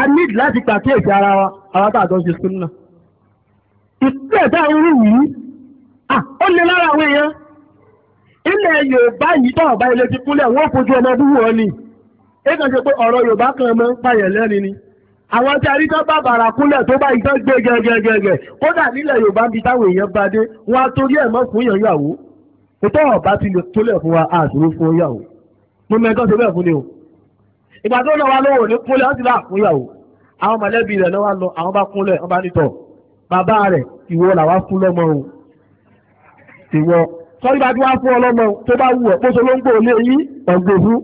a need láti pàkíyèsí ara wa àwọn tá a jọ ṣe súnmọ́ náà. ìpínlẹ̀ tá a ń rú yìí ó lé lára àwọn èèyàn ilẹ̀ Yorùbá yìí tó ọ̀bá ilé ti kúnlẹ̀ wọ́n fojú ọmọ búrú ọ ni é kàn ṣe pé ọ̀rọ̀ Yorùbá kan mọ́ pààyàn lẹ́ni ni àwọn tí a rí tán bá bàrà kúnlẹ̀ tó bá ìtàn gbé gẹ́gẹ́gẹ́gẹ́ kódà nílẹ̀ Yorùbá ń bi táwọn èèyàn bá dé wọn á torí ẹ̀ mọ́ fún yàn yàwó tó ọ̀bá ti lè tólẹ̀ fún wa àṣírí fún yàwó mo mẹ́tọ́ ṣe bẹ́ẹ̀ fún ni o ìgbà tó náà wá lọ́wọ́ ní kúnlẹ̀ wọ́n ti bá àkúnyàwó àwọn mọ̀lẹ́bí rẹ̀ lọ́wọ́ lọ àwọn bá kúnlẹ̀ wọ́n bá nítọ̀ bàbá rẹ̀ ìwọ làwa fún lọ́mọ o ìwọ sọ́rí bá tí wọ́n fún ọlọ́mọ tó bá wù ọ́ pósò ló ń yín ẹ̀gbẹ́ fún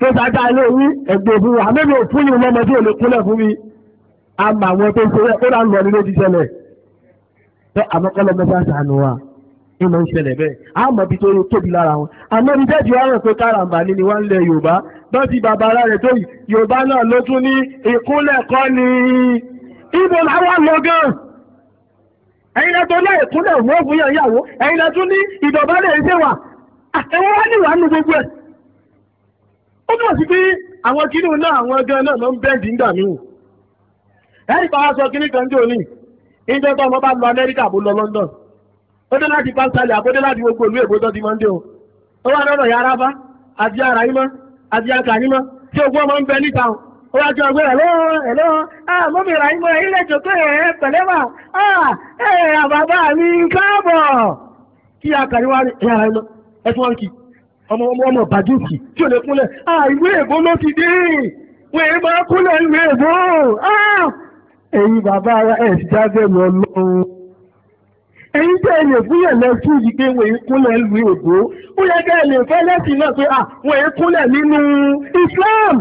tó sájà ilé yín ẹ̀gbẹ́ fún wa mẹ́mi ò fún yín lọ́mọ tí ò lè kúnlẹ̀ fún mi a mọ àwọn tó ṣe rẹ̀ ó dà lọ nílé ti ṣẹlẹ̀ tó àmọ́kọ́lọ́ mẹ́fà sànù wa ní mọ̀ ń ṣẹlẹ̀ bẹ́ẹ̀ a mọ̀ bí tó tóbi lára wọn àmọ́ bí jẹ́jì wá pé káràmbà ni ni wọ́n ń lẹ Yorùbá bọ́n ti bàbá ara rẹ̀ tó yìí yorùbá náà ló tún ní ìkúnlẹ̀ ni ibo làwọn lọ gan ẹ̀yin lẹ́tọ́ náà ìkúnlẹ̀ wọ́n fún yàn yàwó ẹ̀yin lẹ́tún ní ìdọ̀bálẹ̀ ìṣèwà àtẹ̀wọ́ wá níwàá nù gbogbo ẹ̀ ó túmọ̀ sí pé àwọn kìnnì náà àwọn gan náà ló ń bẹ́ẹ̀dì ń dà mí London ó dé láti pásítálì àbó dé láti gbogbo ìlú èbó tó ti máa ń dé o àti ara yín àti àkànímọ́ tí ogún ọmọ ń bẹ níta ó wá jọ ọgbẹ́ ẹ̀lọ́ ẹ̀lọ́ mọ́mí ra ìmọ̀ ilé ìjòkó ẹ̀ pẹ̀lẹ́mà ẹ̀ àbàbà mi káàbọ̀ kí àkàníwá ní ẹ̀yà ẹ̀mọ́ ẹ̀fún ọ̀nkì ọmọ ọmọ ọmọ bàdúùkì tí ò lè kúnlẹ̀ ìwé èbó ló ti ẹ̀yin tẹ́ ẹ lè fúnyàn lẹ́sùn yìí pé wọ́n ìkúnlẹ̀ lu èbó ó yẹ kẹ́ ẹ lè fẹ́ lẹ́sìn náà pé wọ́n ìkúnlẹ̀ nínú Islam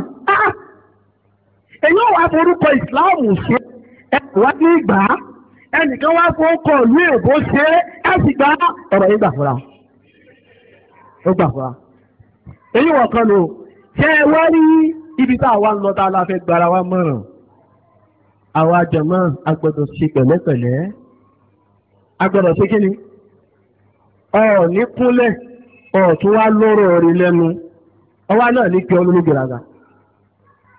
èyí ò wá forúkọ Islam ṣe ẹ wá ní ìgbà ẹnìkan wá forúkọ ìlú èbó ṣe ẹ sì gba ọ̀rọ̀ yìí gbà fúnra ó gbà fúnra èyí wọ̀ kan lò ṣé ẹ wá rí ibi tá a wá ń lọ tá a la fẹ́ gbára wa mọ̀ràn àwa jẹ̀mọ́ a gbọ́dọ̀ ṣe pẹ̀lẹ́pẹ̀lẹ́ agbọ́dọ̀ ṣe kíni ọ̀ ní kúnlẹ̀ ọ̀ tó wá lóró orí lẹ́nu ọwá náà ní kí ọlọ́lọ́ gbèrágà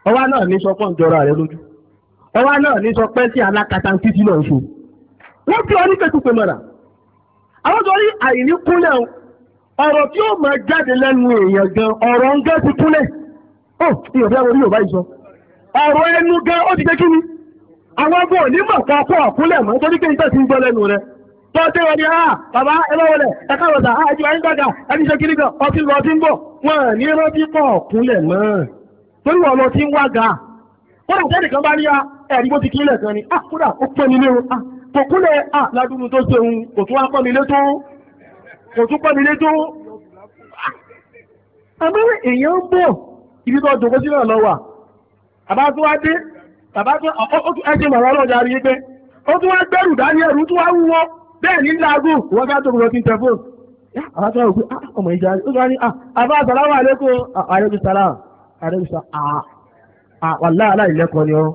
ọwá náà ní sọpọ̀ ìjọra rẹ lójú ọwá náà ní sọ pẹ́ sí alákatá títí lọ́n ṣe wọ́n fi ọ ní pẹ̀tù pé mọ̀rà àwọn tó rí àìní kúnlẹ̀ ọ̀rọ̀ tí ó máa jáde lẹ́nu èèyàn gan ọ̀rọ̀ ń gẹ́ ti kúnlẹ̀ ó ìyọ̀ fẹ́ orí yorùbá ìsọ ọ̀rọ̀ ẹnu gan ó ti jẹ́ kí ni àwọn ọgbọ́n ò mọ̀ kọ́ ọkọ̀ ọ̀kúnlẹ̀ mọ́ torí pé ìtẹ̀sí ń gbọ́ lẹ́nu rẹ̀ tọ́tí wọn ah, ah, ni bàbá ẹlọ́ ẹ̀ka wọ̀sà gbàgà kiri kan lọ ń bọ̀ wọn ní rántí pọ̀ kúnlẹ̀ mọ́ torí wọn lọ ti ń wá ga kan bá a ah, ẹ̀rí bó ti kan ni ah kódà ó pẹ́ mi o kò ah tó ṣe òun kò tún wá pọ́ mi lé tó kò tún pọ́ mi ibi tó dògbó sí náà lọ wà bàbá tó wá ẹ bẹ́ẹ̀ ní lágùn wọ́n bá tóbi lọ́tí tẹ̀fóòn àwọn akẹ́wọ̀n ah, ọmọ ìjà ó sọ ní ah, àbá àsàlámù àlékún àwàlá ni ọ́.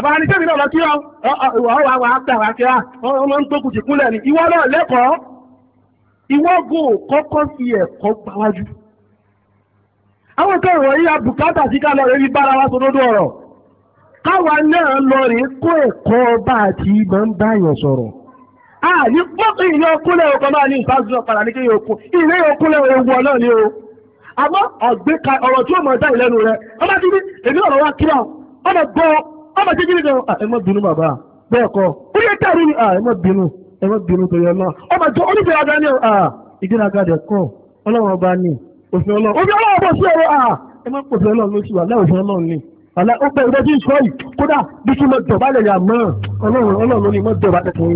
àbá sẹ́mi náà lọ kí ọ ìwà ọ̀wà wà á gbà wá kí ah, ọmọ ń tó kùtì kúnlẹ̀ ni ìwọ náà lẹ́kọ̀ọ́ ìwọ gò kọ́kọ́ fi ẹ̀kọ́ gbáwájú. àwọn kan ìwọ̀nyí abùkátà sí ká lọ bí bára wa ọ̀rọ̀ káwa náà lọ kó ẹ̀kọ́ bá sọ̀rọ̀ a ní pọ́pù ìní okúnlẹ̀ ọkọ̀ máa ní ìfásitì ọ̀padà ní kéye okun ìní okúnlẹ̀ ewu ọ̀nà ni o àmọ́ ọ̀gbẹ́ ka ọ̀rọ̀ tí ó mọ̀ dá ìlẹ́nu rẹ ọmọ ti ní èmi ọ̀rọ̀ wa kíra ọmọ gbọ́ ọmọ ti jírí gan ẹ má bínú bàbá bẹ́ẹ̀ kọ́ ó yẹ tẹ̀rí ni ẹ má bínú ẹ má bínú torí ọ̀nà ọmọ jọ onígbèraga ni ìgbéraga dẹ̀ kọ́ ọlọ́run ọba ni òfin ọlọ́run òfin ọlọ́run bọ̀ sí ọ̀rọ̀ ah, ẹ má pòfin ọlọ́run ló sì wà láì òfin ọlọ́run ni àlá ó bẹ ìdájí ìṣọ́ yìí kódà bí kí n mọ dọ̀bálẹ̀ yà mọ́ ọlọ́run ọlọ́run ló ní mọ́ dọ̀bálẹ̀ tó ń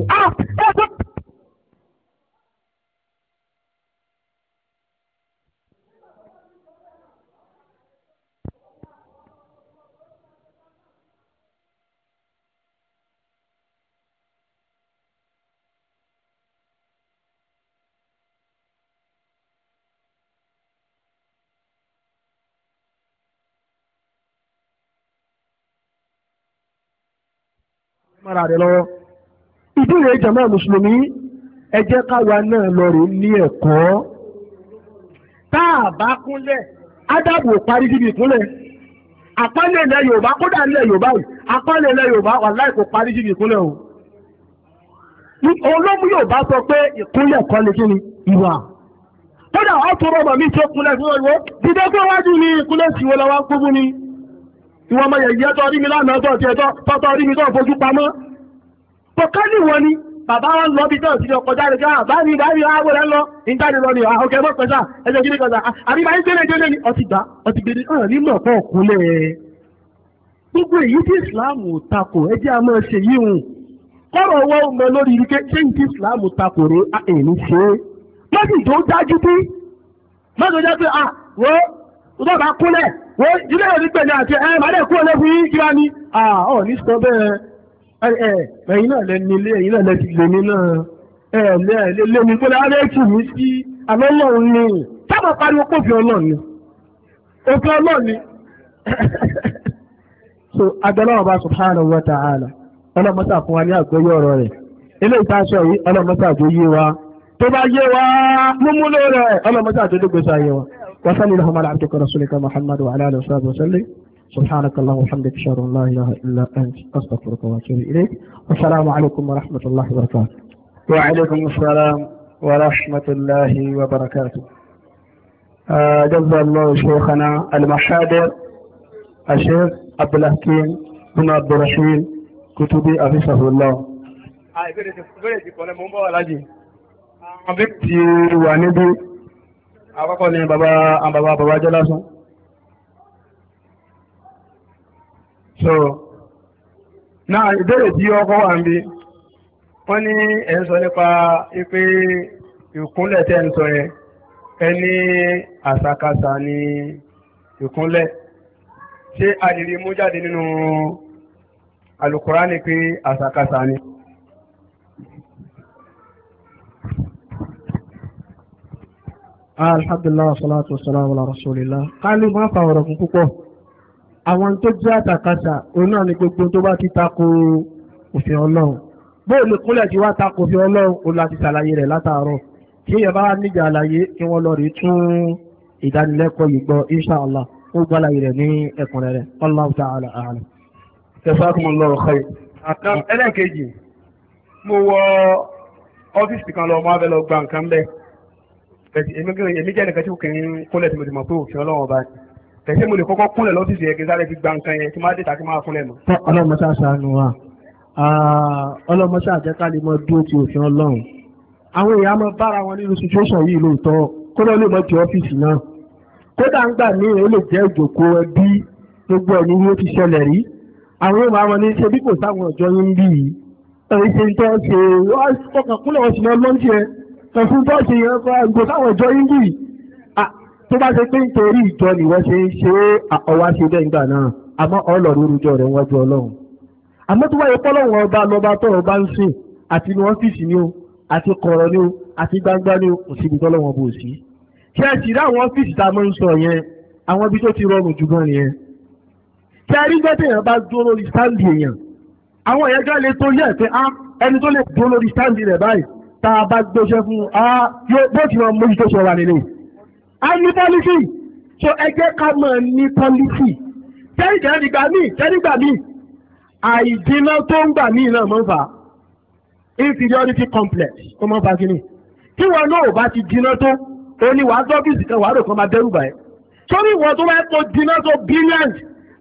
ara rẹ̀ lọ́wọ́ ìdí rẹ̀ mùsùlùmí ẹ káwa náà lọ rè ní ẹ̀kọ́ tá a bá kúnlẹ̀ ádàbò parí síbi ìkúnlẹ̀ àpálẹ̀ ilẹ̀ yorùbá kódà ilẹ̀ yorùbá yìí yorùbá o yorùbá sọ pé ni kí ni ìwà kódà mi tó fún ìwọ́n ọmọ yẹ̀yẹ́ tó rí mi lánàá tó ti ẹ̀tọ́ tọ́tọ́ rí mi tó fojú pamọ́ tó ní ìwọ ni bàbá wa lọ bí tẹ́lẹ̀ sílẹ̀ ọkọ̀ jáde káà ah, bá ní ìdárí ààbò rẹ̀ lọ ìdárí lọ ni ọkọ̀ ah, ẹ̀mọ́ pẹ̀sà ẹ̀jẹ̀ gidi kan àbí báyìí gbélé gbélé ni ọtí gbà ọtí gbélé hàn ní mọ̀ fọ́ ọ̀kúnlẹ̀. gbogbo èyí tí ìsìláàmù takò ẹjẹ́ a máa ṣe yí hùn kọ́rọ̀ owó mọ lórí ike ṣé ní tí ìsìláàmù takò rè é ṣe é. tó dájú bí mọ́tì tó dájú pé à ah, wọ́n tó bá kúnlẹ̀ jílẹ̀ yóò ní pẹ̀lú àti ẹ màá dẹ̀ kú ọ̀lẹ́ fún yín kíra ní. ọ̀ ní sọ bẹ́ẹ̀ ẹ ẹ̀yin náà náà ti lè ní náà ẹ lẹ lè ní ara sí sábà pariwo pé òfin ọlọ́run ni òfin ọlọ́run ni. so agbẹ́lọ́wọ́ bá ọlọ́mọ́sà fún wa ní ọ̀rọ̀ rẹ̀ eléyìí tá a sọ yìí ọlọ́mọ́sà wa. tó bá yé wa rẹ̀ ayé wa وصلي اللهم على عبدك محمد وعلى اله وصحبه وسلم سبحانك اللهم وبحمدك اشهد الله لا اله الا انت استغفرك واتوب اليك والسلام عليكم ورحمه الله وبركاته. وعليكم السلام ورحمه الله وبركاته. جزا الله شيخنا المحاضر الشيخ عبد الحكيم بن عبد الرحيم كتبي حفظه الله. àwọn bí ti wà níbí àkọ́kọ́ ni bàbá àbàbà bàbá jẹ́ lásán so náà ìbéèrè tí ọkọ̀ wà ń bí wọ́n ní ẹ̀ ń sọ nípa pé ìkúnlẹ̀ tẹ́ ń sọ yẹn ẹ ní àṣàkáṣà ìkúnlẹ̀ ṣé a lè rí mú jáde nínú alukurani pé àṣàkáṣà ni. alhamdulilah wasalaatu wasalaamu ala rasulillah kálí máa fa ọ̀rọ̀ fún púpọ̀ àwọn tó jẹ́ àtàkàṣà òun náà ni gbogbo tó bá ti tako òfin ọlọ́run bóyá lè kúnlẹ̀ tí wàá tako òfin ọlọ́run òun láti ṣàlàyé rẹ̀ látàárọ̀ tí èèyàn bá níjà àlàyé kí wọ́n lọ rí tún ìdánilẹ́kọ̀ọ́ yìí gbọ́ inshàlá ó gbọ́ àlàyé rẹ̀ ní ẹ̀kúnrẹ́rẹ́ Allahu ta'ala a'lam. jazakumullahu khair. mo wọ ọ́fíìsì kan lọ mo á lọ gba nǹkan bẹ́ẹ̀ kẹsì èmi jẹ́ nìkan tí kì í kúnlẹ̀ tí mo ti mọ̀ pé òfin ọlọ́run ọba kẹsì mo lè kọ́kọ́ kúnlẹ̀ lọ́fíìsì yẹn kí n sáré fi gba nǹkan yẹn tí máa dé ta kí máa kúnlẹ̀ mọ́. ọlọ́mọ ṣáà ṣàánú wa ọlọ́mọ ṣáà jẹ́ ká lè mọ dúró ti òfin ọlọ́run àwọn èèyàn máa bára wọn nínú situation yìí lóòótọ́ kó lọ́ọ́ lè mọ ti ọ́fíìsì náà kódà ń gbà míì ó lè jẹ́ ìjòkó ẹbí gbogbo ẹni yóò ti ṣẹlẹ̀ rí àwọn èèyàn máa wọn ní ṣe bí kò sáwọn ọ̀jọ́ yín bí yìí ẹ̀rí ṣe ń tọ́ ṣe wọ́n kọkàn kúnlẹ̀ wọn sì ẹ̀ tọ̀sùn tó ṣe yẹn fún àgbò táwọn ìjọ yíngì tó bá ṣe pé nítorí ìjọ ni wọ́n ṣe ń ṣe ọwá ṣe bẹ́ẹ̀ nígbà náà àmọ́ ọlọ́run orújọ rẹ̀ wájú ọlọ́run àmọ́ tó wáyé pọ́lọ́run ọba lọ́ba tọ́rọ̀ bá ń sìn àti inú ọ́fíìsì ni o àti kọ̀rọ̀ ni o àti gbangba ni o kò síbi tọ́lọ́run bò sí. kí ẹ sì rí àwọn ọ́fíìsì tá a máa ń sọ yẹn àwọn ibi tó ti rọrùn jù gan yẹn. kí ẹ rí gbẹ́dẹ̀ yẹn bá dúró lórí sáǹdì èèyàn àwọn èèyàn gá lè tó yẹ ẹni tó lè dúró lórí sáǹdì rẹ̀ báyìí tá a bá gbéṣẹ́ fún bó ti máa mójútó ṣe wà nílé. a ní pọ́lísì so ẹ jẹ́ ká máa ní pọ́lísì tẹ́nìkẹ́ nígbà míì tẹ́nìgbà míì àìdínà tó ń gbà míì náà máa ń fà á inferiority complex ó máa ń fa kínní tí wọn náà ò bá ti dínà tó ó ní wàá dọ́fíìsì kan wàá rò kan máa dẹ́rù báyìí sórí ìwọ tó bá tó dínà tó brilliant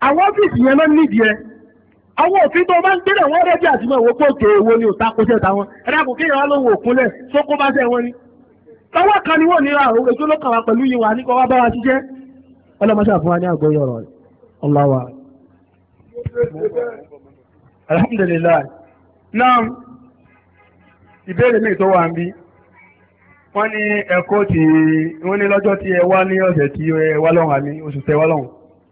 àwọn ọ́fíìsì yẹn náà nídìí ẹ àwọn òfin tó bá ń gbélé wọn rẹ́dí àti mọ̀ ìwòkó òkè èwo ni òtakùnṣẹ́ táwọn ẹ̀dàkùn kéèyàn wá lóhun òkúnlẹ̀ sókó bá ṣẹ̀ wọn ni. tọ́wọ́ kan ni wọ́n ní ra òwe tó lọ́kàn wa pẹ̀lú yìí wà ní kọ́ wá bá wa ṣiṣẹ́. ọlọ́mọṣẹ́ àfọwọ́ ní àgbọ̀ yọ̀rọ̀ ọláwà. alhamdulilayi náà ìbéèrè mi tó wà ń bí wọ́n ní ẹ̀kọ́ tí wọ́n ní lọ́jọ́ tí ẹ wá ní ọ̀sẹ̀ tí ẹ wá lọ́hùn àmì oṣù tẹ wá lọ́hùn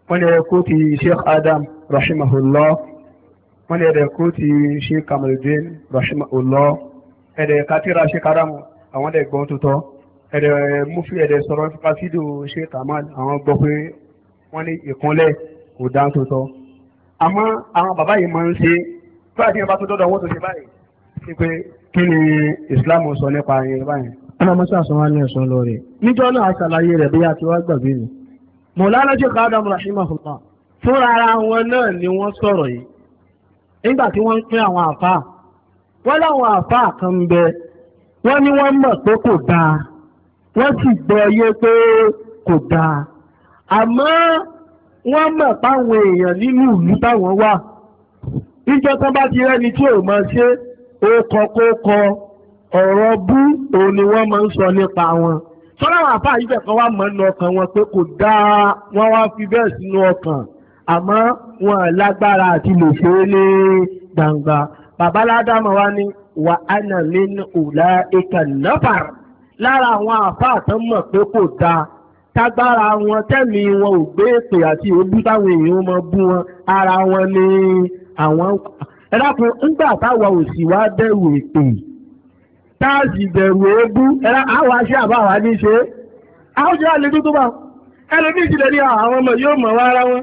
wọ́n ní ẹ̀kọ́ tí Sheikh Adam rahimahullah wọ́n lè ẹ̀dẹ̀ kó ti ṣe Kamaluddin rahimahullah ẹ̀dẹ̀ katira ṣe karamu àwọn ẹ̀dẹ̀ gbọ́n tó tọ́ ẹ̀dẹ̀ mufi ẹ̀dẹ̀ sọ̀rọ̀ fásídò ṣe Kamal àwọn gbọ́ pé wọ́n ní ìkúnlẹ̀ kò dá tó tọ́ àmọ́ àwọn bàbá yìí máa ń ṣe fún àti ìyàbá tó dọ́dọ̀ wọ́n tó ṣe báyìí ṣe pé kí ni Islam sọ nípa yẹn báyìí. ọlọmọṣẹ àsọwọn ní ẹsùn lọ rẹ níjọ náà aṣàlàyé rẹ bí nígbà tí wọ́n ń pín àwọn àfáà wọ́n láwọn àfáà kan ń bẹ wọ́n ní wọ́n mọ̀ pé kò dáa wọ́n sì gbọ́ yé pé kò dáa àmọ́ wọ́n mọ̀ páwọn èèyàn nínú ìlú táwọn wà níjọ́ tán bá ti rẹ́ni tí ò mọ̀ ṣe ó kọ kó kọ ọ̀rọ̀ bú òun ni wọ́n máa ń sọ nípa wọn sọ́dọ̀ àwọn àfáà yìí bẹ̀ kan wá mọ̀ nínú ọkàn wọn pé kò dáa wọ́n wá fi bẹ́ẹ̀ sínú ọkàn àmọ́ wọn lágbára àti lè ṣe é ní gbangba bàbá ládàmọ́ wa ní wà á nà lé ní òlà ìkà nọ́fàr lára àwọn àfáà tó mọ̀ pé kò dáa tágbára wọn tẹ̀mí wọn ò gbé èpè àti òbí táwọn èèyàn mọ bú wọn ara wọn ní àwọn ẹ dákun ńgbà táwa ò sì wá bẹ̀rù èpè táàsì bẹ̀rù èébú ẹ̀rá àwọn aṣẹ́ àbáwá ní ṣe é àwọn jẹ́ àlejò tó bá ẹlòmíì ìjìnlẹ̀ ní àwọn ọmọ yóò mọ̀ wá ara wọn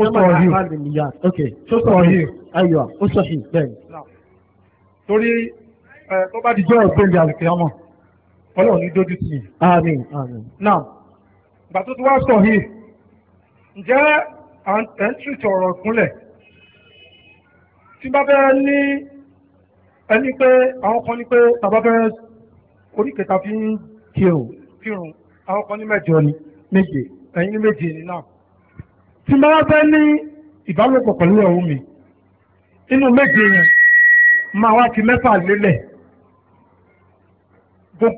ó sọ yìí ó sọ yìí ayọ̀ ó sọ yìí bẹ́ẹ̀. torí tó bá di jọ́ ọ̀gbẹ́ni àlùkè ọmọ ọlọ́run ní dójú tì í. àmín àmín. now ìgbà tó ti wá sọ yìí ǹjẹ́ ẹ̀ ń tìtì ọ̀rọ̀ ìkúnlẹ̀ tí bá bẹ́ẹ̀ ní ẹni pé àwọn kan ní pé tàbá bẹ́ẹ̀ oníkẹta fi ń kírun kírun àwọn kan ní mẹ́jọ ni méje ẹ̀yin ní méje ni náà tí mo wá fẹ́ ní ìbálòpọ̀ pẹ̀lú ẹ̀hún mi inú méje yẹn máa wá fi mẹ́fà lélẹ̀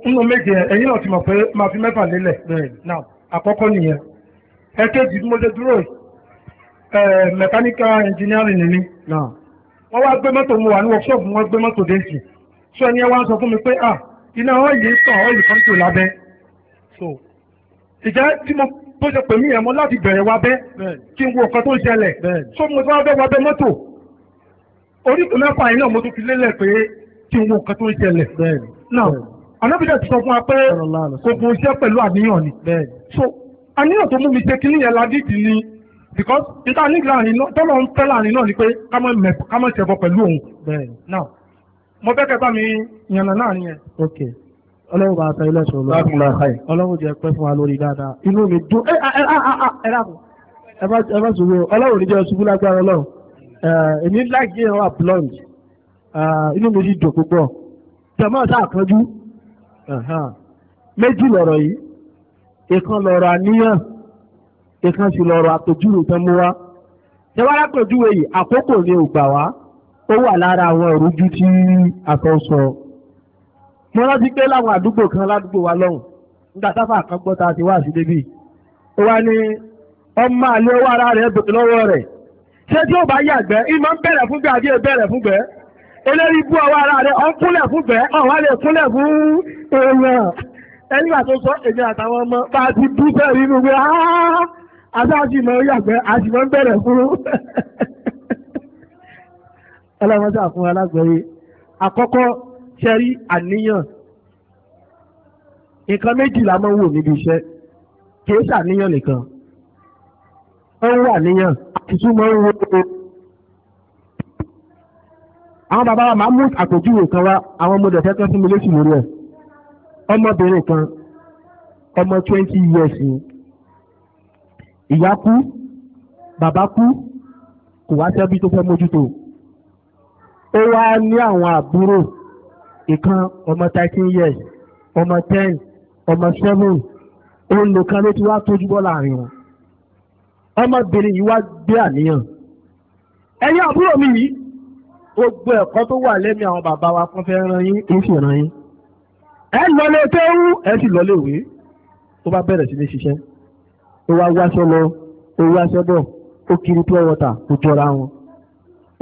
inú méje yẹn ẹ̀yin náà ti mọ̀ pé máa fi mẹ́fà lélẹ̀ bẹ́ẹ̀ náà àkọ́kọ́ nìyẹn ẹ̀kejì mo lè dúró mẹkáníkà ẹnjìnírìn ni mí wọ́n wá gbé mọ́tò mu wà ní wọ́kṣọ́ọ̀bù wọn gbé mọ́tò dé sí so ẹni ẹ wá ń sọ fún mi pé ah iná ọ̀yẹ́ sàn ọ̀yẹ́ kan tó lábẹ́ so ìjẹ́ tí mo bó ṣe pè mí yẹn mo láti bẹ̀rẹ̀ wa bẹ́ kí n wo nǹkan tó ń ṣẹlẹ̀ tó mo fẹ́ wá bẹ́ wa bẹ́ mọ́tò oríkùn mẹ́fà yìí náà mo tún fi lélẹ̀ pé kí n wo nǹkan tó ń ṣẹlẹ̀ náà anábìdá ti sọ fún wa pé kò fún iṣẹ́ pẹ̀lú àníyàn ni so àníyàn tó mú mi ṣe kíní yẹn ládìtì ni because níta ní láàrin náà tọ́lọ̀ ń fẹ́ láàrin náà ni pé ká mọ̀ ṣẹ̀bọ̀ pẹ̀lú òun náà mo fẹ́ kẹta mi yànnà náà nìyẹn ọlọ́run bá aṣọ ilé ṣòro ọlọ́run jẹ́ pẹ́ fún wa lórí dáadáa inú mi dùn ẹ ẹ ẹ dàpọ̀ ẹ bá ṣòro ọlọ́run níjẹ́ ṣubú lágbára ọlọ́run èmi láìpẹ́ yẹn wà blond inú mi sì dùn púpọ̀ tẹ̀mọ́ ọ̀sá àkànjú méjì lọ̀rọ̀ yìí ìkan lọ̀rọ̀ àníyàn ìkan sì lọ̀rọ̀ àpèjúwe tán mú wa tẹ̀wọ́n àpèjúwe yìí àkókò ni ò gbà wá ó wà lára àwọn ìrújú tí a fẹ́ sọ. mo rántí pé láwọn àdúgbò kan ládùúgbò wa lọ́hùn nígbà sáfà kan gbọ́ ta ti wá sí débi ó wá ní ọmọ àlè owó ara rẹ̀ lọ́wọ́ rẹ̀ ṣé tí ó bá yàgbẹ́ ìmọ̀ ń bẹ̀rẹ̀ fún gbẹ́ àbí ẹ bẹ̀rẹ̀ fún gbẹ́ eléyìí bú ọwọ́ ara rẹ̀ ọ̀n kúnlẹ̀ fún lè kúnlẹ̀ fún èèyàn ẹnìgbà tó sọ èmi àtàwọn ọmọ bá ti bú pé ìmọ̀ yàgbẹ́ ń bẹ̀rẹ̀ fún ọlọ́mọdé alágbẹ̀ẹ́ àkọ́kọ́ ṣẹ́rí àníyàn nǹkan méjì la máa ń wò níbi iṣẹ́ kìí ṣàníyàn nìkan wọ́n ń wà níyàn àtúntò máa ń wo àwọn bàbá wa máa mú àpèjúwe kan wá àwọn ọmọdé kẹ́kẹ́ fún mi lóṣù lórí ẹ̀ ọmọbìnrin kan ọmọ twenty years ni ìyá kú bàbá kú kò wá sẹ́bí tó fẹ́ mójútó ó wá ní àwọn àbúrò ìkan ọmọ thirteen years ọmọ ten ọmọ seven òun nìkan ló ti wá tójú bọ́ láàrin wọn ọmọbìnrin yìí wá gbé àníyàn ẹ̀yin àbúrò mi yìí gbogbo ẹ̀kọ́ tó wà lẹ́mí àwọn bàbá wa kan fẹ́ ran yín kì í sì ran yín ẹ lọlé tẹ́wú ẹ sì lọlé ìwé ó bá bẹ̀rẹ̀ sí ní ṣiṣẹ́ ó wá wáṣọ lọ ó wáṣọ bọ̀ ó kiri pure water kò jọra wọn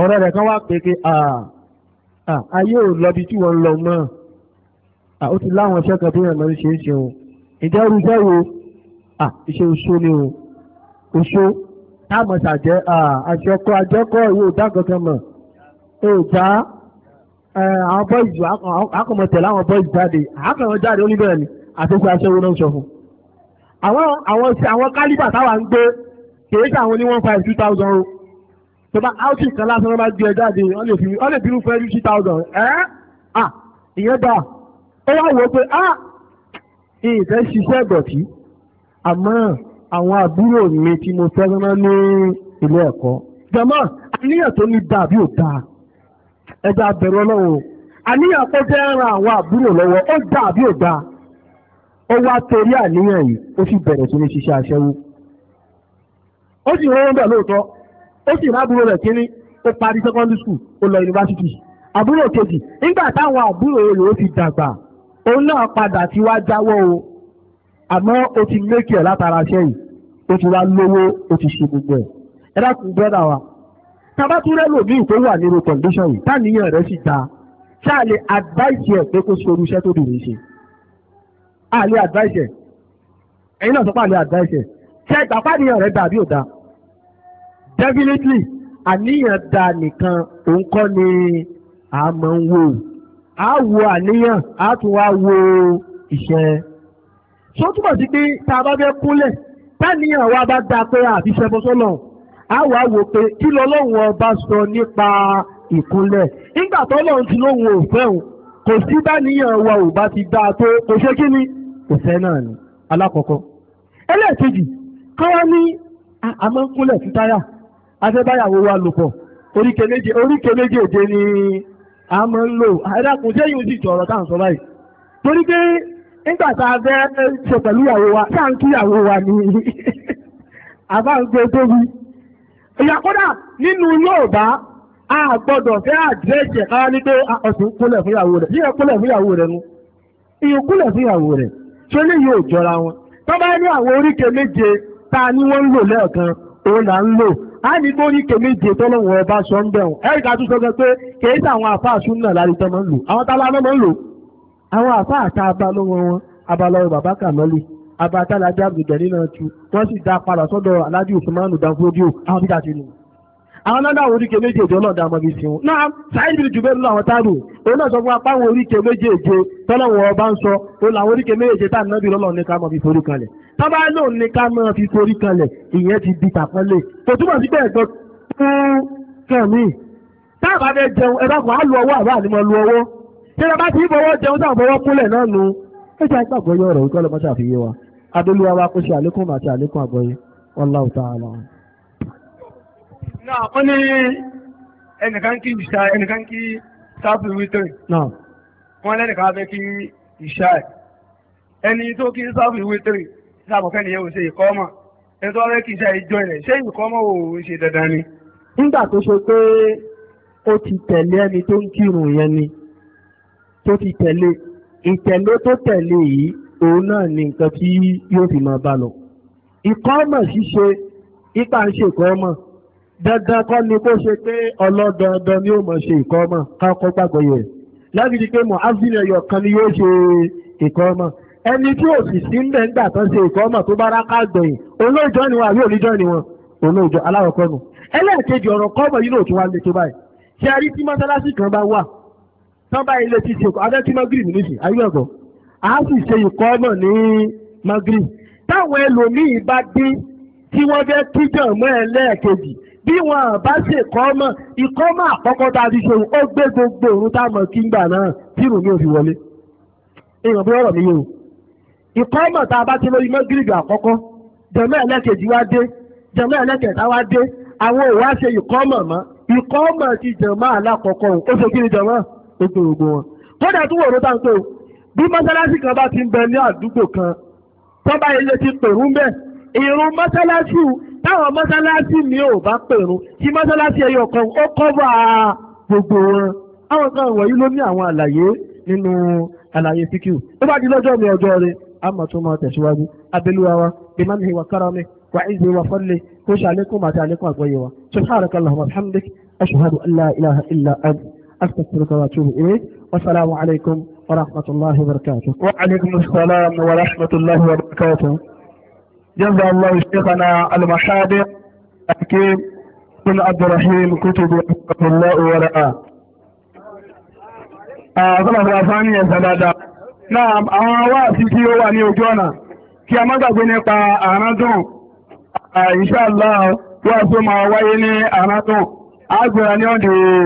ọ̀rẹ́ rẹ̀ kan wá pé pé ah, ayé ò lọbi tí wọ́n ń lọ mọ́ ó ti láwọn iṣẹ́ kan tó yàn máa ń ṣe é ṣe o ìjẹ́ irú iṣẹ́ wo iṣẹ́ oṣó ni o oṣó táàmù ṣàjẹ́ àṣẹkọ àjẹkọ yóò dá kankan mọ̀ ò já àwọn bọ́ìsì àkànmọ̀ tẹ̀lé àwọn bọ́ìsì jáde àkànmọ̀ jáde ó ní bẹ́ẹ̀ ni àtúnṣe aṣẹ́wó náà ń sọ fún un àwọn àwọn àwọn kálíbà táwa ń gbé kèé sí àwọn ní one five two thousand tọba outing kan lásán wọn bá gbé ẹ jáde wọn lè fi wọn lè bínú fún ẹbí two thousand ẹ à ìyẹn bá ó wá wò ó pé à ah, ìfẹ́ ṣiṣẹ́ ìdọ̀tí àmọ́ àwọn àbúrò mi tí mo fẹ́ rán ní ilé ẹ̀kọ́ jọmọ́ àníyàn tó ní dàbí ò dáa ẹja bẹ̀rù ọlọ́run àníyàn kó fẹ́ ran àwọn àbúrò lọ́wọ́ ó dàbí ò dáa ó wá torí àníyàn yìí ó sì bẹ̀rẹ̀ sí ní ṣiṣẹ́ aṣẹ́wó ó sì rán wọn bẹ̀ lóòótọ́ ó sì rábúrò rẹ̀ kínní ó parí secondary school ó lọ yunifásitì àbúrò kejì nígbà táwọn àbúrò rẹ̀ ó fi dàgbà òun náà padà ti wá jáwọ́ o àmọ́ ó ti mékì ẹ̀ látara sẹ́yìn ó ti wá lówó ó ti ṣe gbogbo ẹ̀ ẹ dákun brọ́dà wa tabatúrẹ́ lòmíì tó wà nínú condition yìí táníyàn rẹ̀ sì dáa ṣé àlè advice ẹ̀ pé kó ṣe irú iṣẹ́ tó dùn ṣe àlè advice ẹ̀ ẹ̀yin náà sọ pé àlè advice ẹ̀ ṣe ìgbàpá nìyàn rẹ̀ dàbí ò dáa definitely àníyàn da nìkan òun kọ́ ni a máa ń wò á wo àníyàn á tún wá wo iṣẹ́ ṣó túbọ̀ sí pé tá a bá fẹ́ kúnlẹ̀ táníyàn wa bá da pé àfi ṣẹbọ sọ́nà á wàá wò pé kí lọ́lọ́run ọba sọ nípa ìkúnlẹ̀ nígbà tó lọ́run ti lóun ò òun kò sí báníyàn wa ò bá ti dáa tó kò ṣe kí ni kò náà ni alákọ̀ọ́kọ́ ẹlẹ́ẹ̀kejì kọ́wá ní àmọ́ kúnlẹ̀ sí táyà afẹ́báyàwó wa lò pọ̀ oríkè méje oríkè méje òde ni a máa ń lò jọ ọ̀rọ̀ táwọn sọ báyìí torí a fẹ́ ṣe pẹ̀lú ìyàwó wa tá à ń kí ìyàwó wa ni àbá ń gbé tóbi nínú a gbọ́dọ̀ fẹ́ àdírẹ́sì ẹ̀ka pé ọ̀sùn fún ìyàwó rẹ̀ fún ìyàwó rẹ̀ nu fún ìyàwó rẹ̀ ṣé yóò jọra wọn tọ́ ni wọ́n ń lò lẹ́ẹ̀kan òun a ní tó ní kèméje tọ́lọ́wọ́ ọba sọ ń bẹ̀ wọn ẹ̀rí ká tún sọ pé kèé sí àwọn àfáà súnà láti tọ́ máa ń lò àwọn tábà náà máa ń lò àwọn àfáà tá a bá lọ́wọ́ wọn abalọ́wọ́ bàbá kàmọ́lì abatáládé àbùdẹ̀ nínú ẹtù wọ́n sì dá padà sọ́dọ̀ aládìí òsùnmánù dáfódíò àwọn bídà ti nìyí àwọn náà dáwọn oríkè méjèèjì ọlọ́dà àmọ́bí sí wọn. náà Sa'id bin Jubair ló àwọn táàbù òun náà sọ fún apá àwọn oríkè méjèèjì tọ́lọ́wọ́ ọba ń sọ òun làwọn oríkè méjèèjì tá ànábì lọ́lọ́ ní ká mọ̀ fi forí kalẹ̀. tábà lóun ní ká mọ̀ fi forí kalẹ̀ ìyẹn ti di tàpọ́nlé kò túmọ̀ sí bẹ́ẹ̀ gbọ́ fún kẹ̀mí. táàbà fẹ́ jẹun ẹ dákun á lu ọwọ́ àbá ànímọ̀ lu ọwọ́ ta'ala náà wọ́n ní ẹnìkan kí ìṣá ẹnìkan kí sáfù wítìrì. wọ́n lẹ́nìkan fẹ́ kí ìṣá ẹ̀. ẹni tó kí sáfù wítìrì sábọ̀kẹ́ nìyẹn ò ṣe ìkọ́ mọ̀ ẹni tó wá fẹ́ kí ìṣá ìjọ rẹ̀ ṣé ìkọ́ mọ̀ ò ṣe dandan ni. nígbà tó ṣe pé ó ti tẹ̀lé ẹni tó ń kírun yẹn ni tó ti tẹ̀lé ìtẹ̀lé tó tẹ̀lé yìí òun náà ni nǹkan tí yóò fi máa bá lọ. ìkọ́ mọ̀ ṣíṣe ipa ń ṣe ìkọ́ mọ̀ dandan kọ́ ni kó ṣe pé ọlọ́dọọdọ ni ó mọ̀ ṣe ìkọ́mọ̀ kákọ́ gbàgbọ́ yẹn láti di pé muhammed ẹ̀yọ̀ kan ni yóò ṣe ìkọ́mọ̀ ẹni tí ò sì sí ńlẹ̀ ńgbà tán ṣe ìkọ́mọ̀ tó bá ráká gbẹ̀yìn olóòjọ́ ni wọn àbí olóòjọ́ ni wọn olóòjọ́ aláwọ̀kọ́ nu ẹlẹ́ẹ̀kejì ọ̀rọ̀ kọ́mọ̀ yìí ló tún wá tó báyìí ṣe àrí tí mọ́sálásí kan bá wà tán bá a sì ṣe ìkọ́mọ̀ ní magrib táwọn ẹlòmíì bá dé tí wọ́n fẹ́ kíjọ̀ mọ́ bí wọn bá ṣe kọ́ mọ̀ ìkọ́ mọ̀ àkọ́kọ́ tá a ti ṣe ó gbé gbogbo òun tá a mọ̀ kí ngbà náà tí ìrùn mi ò fi wọlé èèyàn bí ọ̀rọ̀ mi yé o ìkọ́ mọ̀ tá a bá ti lórí mọ́gìrìgì àkọ́kọ́ jẹ̀mọ́ ẹlẹ́kẹ̀jì wá dé jẹ̀mọ́ ẹlẹ́kẹ̀ta wá dé àwọn ò wá ṣe ìkọ́ mọ̀ mọ́ ìkọ́ mọ̀ ti jẹ̀mọ́ alákọ̀ọ́kọ́ ó ṣe kí ni jẹ̀mọ́ ó gbé gbogbo wọn kódà tó táwọn mọ́sálásí mi ò bá pèrún kí mọ́sálásí ẹyọ kan ó kọ́bà gbogbo wọn àwọn kan wọ̀nyí ló ní àwọn àlàyé nínú àlàyé fíkìú ó bá di lọ́jọ́ mi ọjọ́ rẹ̀ a tó máa tẹ̀síwájú abẹ́lúwa wa bimanihi wa karami wa izi wa fọ́lé kó ṣàlékún àti àlékún àgbọ́yé wa subhanakallahumma wa bihamdik wa barakatuh. جزا الله شيخنا المحاضر حكيم بن عبد الرحيم كتب رحمه الله ورعاه ọ̀sọ́lọ̀sọ́lọ̀ sáàmì ẹ̀sẹ̀ dáadáa náà àwọn awá sí tí ó wà ní ojú ọ̀nà kí a má gbàgbé nípa àrádùn insha Allah wọ́n tó máa wáyé ní àrádùn àgbẹ̀rẹ̀ ní ọ̀dẹ̀